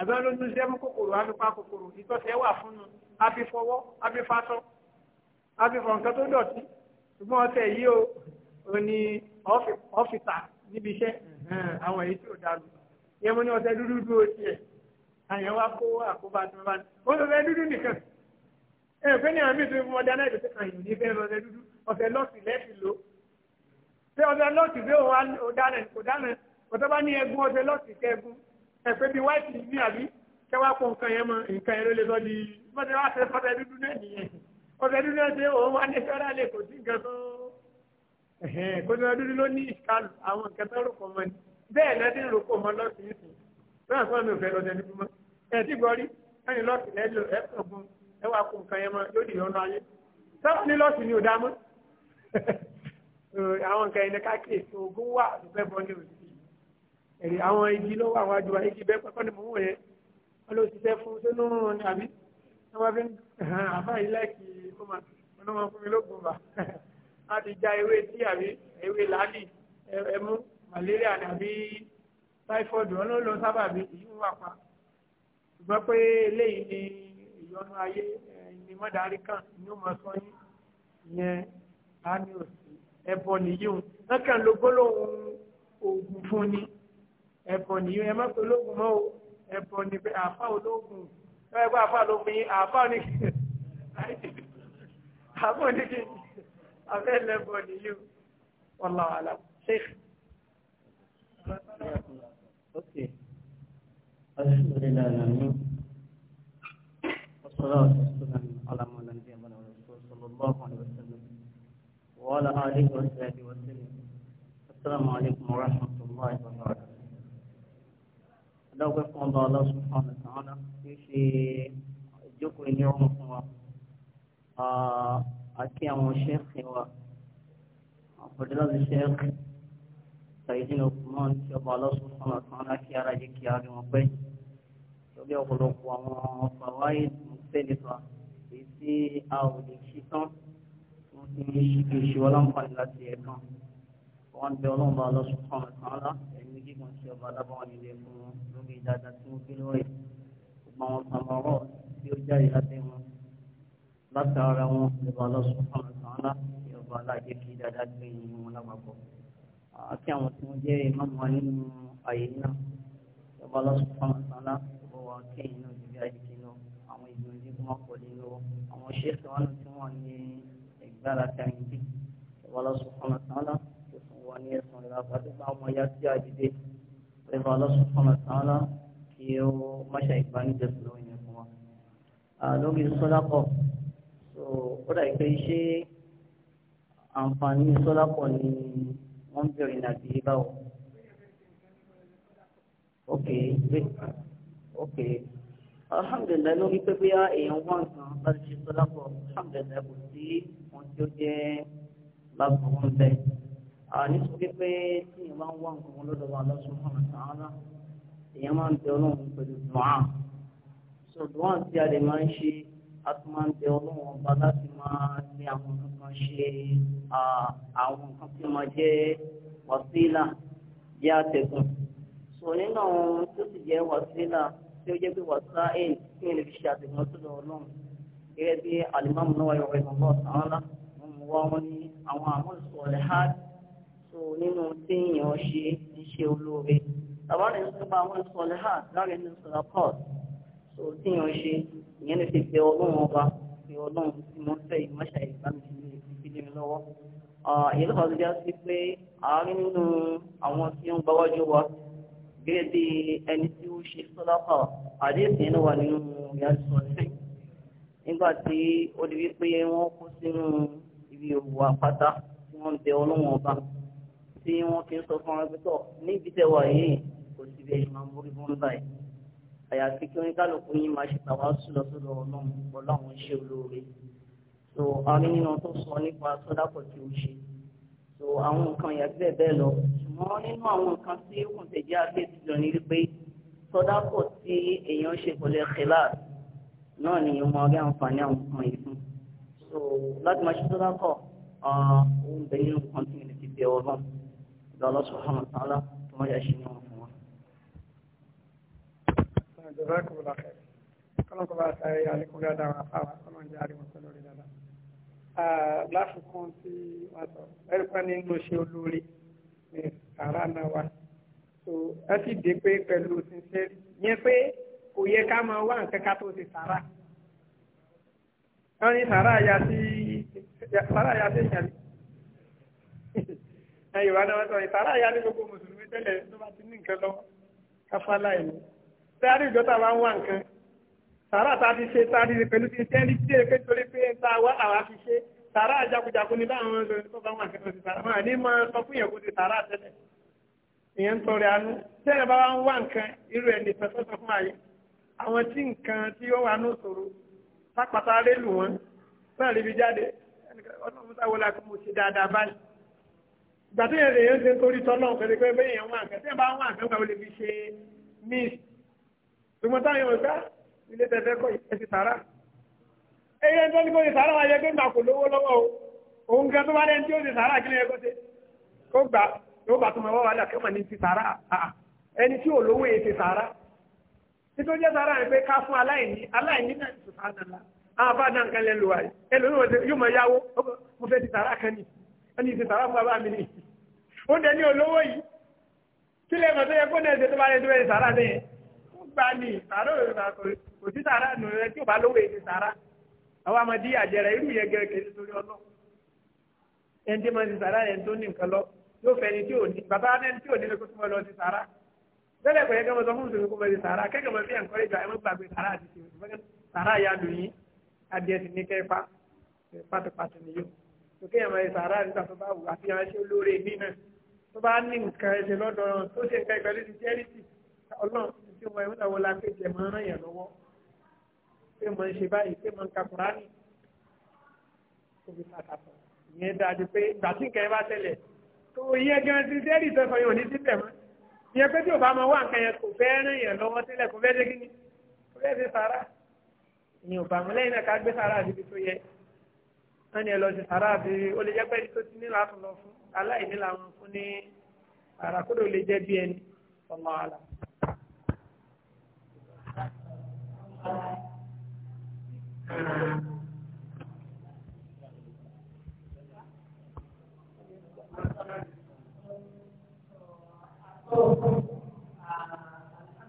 àbí wọn ló ń ṣe mú kòkòrò àfi pa kòkòrò ìtọ̀sẹ̀ wà fún un àfi fọwọ́ àfi fa sọ fọ o ní ọ́fíìsà níbi iṣẹ́ àwọn èyí tí ò dàrú yẹn mo ní ọṣẹ dúdú dúró tiẹ̀ àyàn wá kó àkóbá tó bá ní ó lọ fẹ́ dúdú nìkan ẹ fẹ́ ní àmì ìṣòwò ọjà náà ìdòtí kan yìí ní fẹ́ lọ ọṣẹ dúdú ọṣẹ lọ́ọ̀tì lẹ́ẹ̀tì lò ṣé ọṣẹ lọ́ọ̀tì o ó dáná kò dáná kò tó bá ní ẹgún ọṣẹ lọ́ọ̀tì kẹgún ẹ pé bí wáìtì ní àbí kẹwàá pọ̀ nǹkan yẹn mọ nǹkan yẹn ló lè sọ di bọ́sẹ̀ wá fẹ́ fọ́sẹ̀ dúdú náà nìyẹn ọṣẹ dúdú náà ṣe òun wá ní fẹ́ràn lè kò sí nǹkan tó kódà dúdú ló ní ìkálù àwọn nǹkan tó rò pọ̀ mọ́ ni bẹ́ẹ̀ náà ti ń rò pọ̀ mọ́ lọ́sìn ìsìn náà fún mi ò fẹ́ lọ́dẹ nígbà ẹ̀ ti gbọ́ rí ẹni lọ́sìn lẹ́lò ẹ̀sùn ọ̀gbun ẹ wá kó nǹkan yẹn mọ́ lódì ọ̀nà ayé sábà ní lọ́sìn ni ò dá mọ́ [laughs] àwọn nǹkan yẹn ká kí èso ogun wà lọ́pẹ́ bọ́ ní òsì èrè àwọn igi ló wà wájú wa igi bẹ́ẹ̀ pẹ́kọ́ ni mò ń wọ̀ yẹn wọ́n ló ṣiṣẹ́ fún sínú ni àbí wọ́n máa fi [laughs] àbá yìí láìkì ọmọ ọmọ a ti já ewé tí àbí ewé làálì ẹmú malaria àbí typhoid wọn ló lọ sábà bí ìyí wà pa ṣùgbọ́n pé eléyìí ni ìyọnu ayé ni mọ́dàrí kan ni ó mọ sọ yín ìyẹn á ní òsì ẹbọ nìyí òun wọn kàn ló gbólóhùn oògùn fún ni ẹbọ nìyí ẹ má pé olóògùn mọ́ o ẹbọ ni pé àáfà olóògùn ẹ bá àáfà ló fi àáfà ní kí àáfà ní kí. available to you. Wallahu alam. Sheikh. Okay. Alhamdulillah alamin. Wassalatu wassalamu ala nabiyyina Muhammad sallallahu alaihi wasallam wa ala alihi wa sahbihi wa sallam. Assalamu alaikum wa rahmatullahi wa barakatuh. Adáwọ̀ fún ọba Allah subhanahu wa ta'ala kí ṣe ìjókòó ní ọmọ fún wa. àti àwọn ṣẹ́ẹ̀kì wa àpòdílọ́sì ṣẹ́ẹ̀kì ṣàìdínà òkùnmọ́n tí ọba ọlọ́sùn fún ọ̀sán láti ara jẹ́ kí ara wọn pẹ́ lórí ọ̀pọ̀lọpọ̀ àwọn ọ̀fàwáyé mùsẹ́lẹ̀fà èyí tí a ò lè ṣí tán wọ́n ti ní ṣíkè ṣe wọ́n láǹfààní láti ẹ̀kan wọ́n bẹ ọlọ́run bá ọlọ́sùn fún ọ̀sán lá ẹ̀mí gígùn tí ọba alábọ́n nílé fún lórí ìdájá tí wọ́n gbé lórí gbogbo àwọn tí ó jáde láti wọn látara wọn ìwà lọ́sùn fún àtàlá ìwà aláàjẹ kí dáadáa gbẹ̀yìn wọn lápapọ̀ àti àwọn tí wọ́n jẹ́ ìmọ̀mọ́ nínú àyè náà ìwà lọ́sùn fún àtàlá ìwà wa kẹ́yìn náà jùlọ àyíké náà àwọn ìgbìyànjú tí wọ́n pọ̀ nínú àwọn ṣẹ́ẹ̀sì wọn tí wọ́n ní ìgbára kẹrin bí ìwà lọ́sùn fún àtàlá tó fún wọn ní ẹ̀sán ìlà pàtó wọn yá sí àdìdé ìwà lọ́sùn fún àtàlá kí ó dà pé ṣé àǹfààní sọ́lá pọ̀ ni wọ́n ń bẹ̀rẹ̀ nàbí báwo. ok ok alhamdulilayi lórí pé bóyá èèyàn wà nǹkan láti ṣe sọ́lá pọ̀ alhamdulilayi kò sí ohun tí ó jẹ́ lágbóhùn ń bẹ̀. nítorí pé tí èèyàn bá ń wá nǹkan lọ́dọ̀ wa lọ́sùn fún ọ̀sán náà èèyàn máa ń bẹ ọlọ́run pẹ̀lú dùn án. sọ̀dùn án tí a máa ń ṣe a tún máa ń bẹ ọlọ́run ọba láti máa ní àwọn nǹkan ṣe àwọn nǹkan tí wọ́n jẹ́ wàsílà jẹ́ àtẹ̀gùn sọ nínú àwọn tó sì jẹ́ wàsílà tí ó jẹ́ pé wàsílà ẹ̀ kí ni fi ṣe àtẹ̀gùn sọ́dọ̀ ọlọ́run gẹ́gẹ́ bí alimami náà wáyé ọ̀rẹ́ mọ́tò àwọn ọ̀la wọn mú wá wọn ní àwọn àmúlùsọ̀ rẹ̀ há so nínú téèyàn ṣe ṣe olóore tàbá tó tí yàn ṣe ìyẹn lè fi bẹ ọlọ́run ọba fi ọlọ́run tí mo ń fẹ́ ìmọ̀ṣà ìbánisílẹ̀ ìdílé mi lọ́wọ́ ìyẹn ló fà lójá sí pé àárín nínú àwọn tí ó ń gbáwájú wa gẹ́gẹ́ bí ẹni tí ó ṣe sọ́lápà àdéhùn yẹn wà nínú ìyàtọ̀ ọ̀sẹ̀ nígbà tí ó di wípé wọ́n kó sínú ibi òwò àpáta tí wọ́n ń bẹ ọlọ́run ọba tí wọ́n fi ń sọ fún ọgbẹ́tọ̀ níbi tẹ́wà yìí kò sí bẹ́ẹ̀ àyàfi kí wọn kálukú yín máa ṣe tàwa sùn lọ́sọ̀dọ̀ ọlọ́run pẹ̀lú àwọn iṣẹ́ olóore so àwọn nínú tó sọ nípa sọ́dápọ̀ tí ó ṣe so àwọn nǹkan yà bẹ́ẹ̀ bẹ́ẹ̀ lọ ṣùgbọ́n nínú àwọn nǹkan tí ó kùn tẹ̀jẹ́ àgbẹ̀ jùlọ ní wípé sọ́dápọ̀ tí èèyàn ṣe pẹ̀lú ẹ̀kẹ́lá náà ni wọ́n rí àǹfààní àwọn nǹkan yìí fún so láti máa ṣe sọ́dápọ̀ òun bẹ nínú kan tí mo ti bẹ ọlọ́run ìgbà lọ́sọ̀ọ́ jazakumullah khair kọ́nà kọ́ bá a sáré àlékún dáadáa wọn afáwà kọ́nà jẹ́ àríwọ̀ pẹ̀lú orí dáadáa. láfikún tí wọ́n sọ ẹ̀ríkọ́ ni ló ṣe olóore so ẹ sì dé pé pẹ̀lú sincere yẹn pé kò yẹ ká máa wá nǹkan ká tó ṣe sàrà wọ́n ní sàrà ya sí sàrà ya sí ìyàlẹ́ ẹ̀yìn wa náà wọ́n ya ní gbogbo mùsùlùmí tẹ́lẹ̀ tó bá ti ní nǹkan lọ́wọ́ dárí ìjọta wa ń wá nǹkan sàrà tá a ti ṣe tá a ti ṣe pẹ̀lú ti ṣe ń rí tí èké torí pé ń ta wá àwa fi ṣe sàrà jakujaku ní báwọn ọmọ ìṣòro tó bá wà nǹkan ti sàrà máa ní máa sọ fún ìyẹn kó ti sàrà tẹ́lẹ̀ ìyẹn ń tọrẹ àánú tẹ́lẹ̀ bá wá ń wá nǹkan irú ẹ̀ ní pẹ̀sọ́sọ fún ààyè àwọn tí nǹkan tí ó wà ní ìṣòro pápátá rẹ̀ lù wọ́n náà lè fi jáde ọlọ́run táwọn la kó mo ṣe dáadáa báyìí ṣùgbọ́n táyọ̀ ọ̀gá ilé tẹ̀fẹ́ kọ́ ìfẹ́ sí sàrà ẹyẹ ń tọ́lú kó ṣe sàrà wáyé pé màkò lówó lọ́wọ́ o òun kan tó bá dẹ́ni tí ó ṣe sàrà kí ló yẹ kó ṣe kó gbà tó bá tó máa wá wàhálà kẹ́mà ní ti Sara ẹni tí ò lówó yẹ ṣe sàrà nítorí jẹ́ sàrà rẹ̀ pé ká fún aláìní aláìní náà ti sàrà nàlá àwọn bá dá nǹkan lẹ́nu wáyé ẹlòmíràn yóò máa yáwó mo fẹ́ ti sàrà kan ní ẹni ti sàrà fún bàbá mi ní ó dẹni olówó yìí kí lè mọ̀ tó yẹ kó náà ṣe tó bá dẹ́ni gbígbà ní sàrà òyìnbó sàkó kò sí sàrà nù rẹ tí ò bá lówó èdè sàrà àwọn amadi àjẹrẹ irú yẹn gẹrẹ kẹsí torí ọlọ ẹni tí ma ti sàrà yẹn tó ní nǹkan lọ yóò fẹ́ ni tí ò ní bàbá ẹni tí ò ní lè kó tó lọ ti sàrà lẹ́lẹ̀ pẹ̀lú ẹgbẹ́ mọ́tò fún ìṣòro kó mọ́ ti sàrà kẹ́kẹ́ mọ́ bí ẹ̀ńkọ́rẹ́ ìjọ ẹ̀mọ́ gbàgbé sàrà àti sàrà ya lò yín adìẹ ti ní kẹ́ẹ̀pá pátápátá ni yóò òkè yẹn mọ́ ti sàrà nígbà tó bá wù àti yẹn ṣe olóore nínà tó bá ní nǹkan ẹ̀ṣẹ̀ lọ́dọ̀ tó ṣe nǹkan ìgbàlódé jẹ́rìsì tí wọn ìwúlà wọn la pé jẹ máa ń ràn yàn lọ́wọ́ pé mo ń ṣe báyìí pé mo ń ka kùránì kó fi ta kàtọ ìyẹn dájú pé ìgbà tí nǹkan yẹn bá tẹlẹ tó yẹ gan ti sẹ́ẹ̀rì ìtọ́sọ yẹn ò ní síbẹ̀ mọ́ ìyẹn pé tí ò bá máa wá nǹkan yẹn kò fẹ́ ràn yàn lọ́wọ́ tẹ́lẹ̀ kò fẹ́ dé kí ni kò fẹ́ ṣe sàrà ìyẹn ò bá mọ́ lẹ́yìn náà ká gbé sàrà àdìbí tó yẹ wọ́n ní ẹ lọ sí sàrà àbí ó lè jẹ́ pé ẹni tó ti ní làásùn lọ fún aláìní làwọn fún ní àràkúrò lè jẹ́ bí ẹni ọmọ àlà. Oh.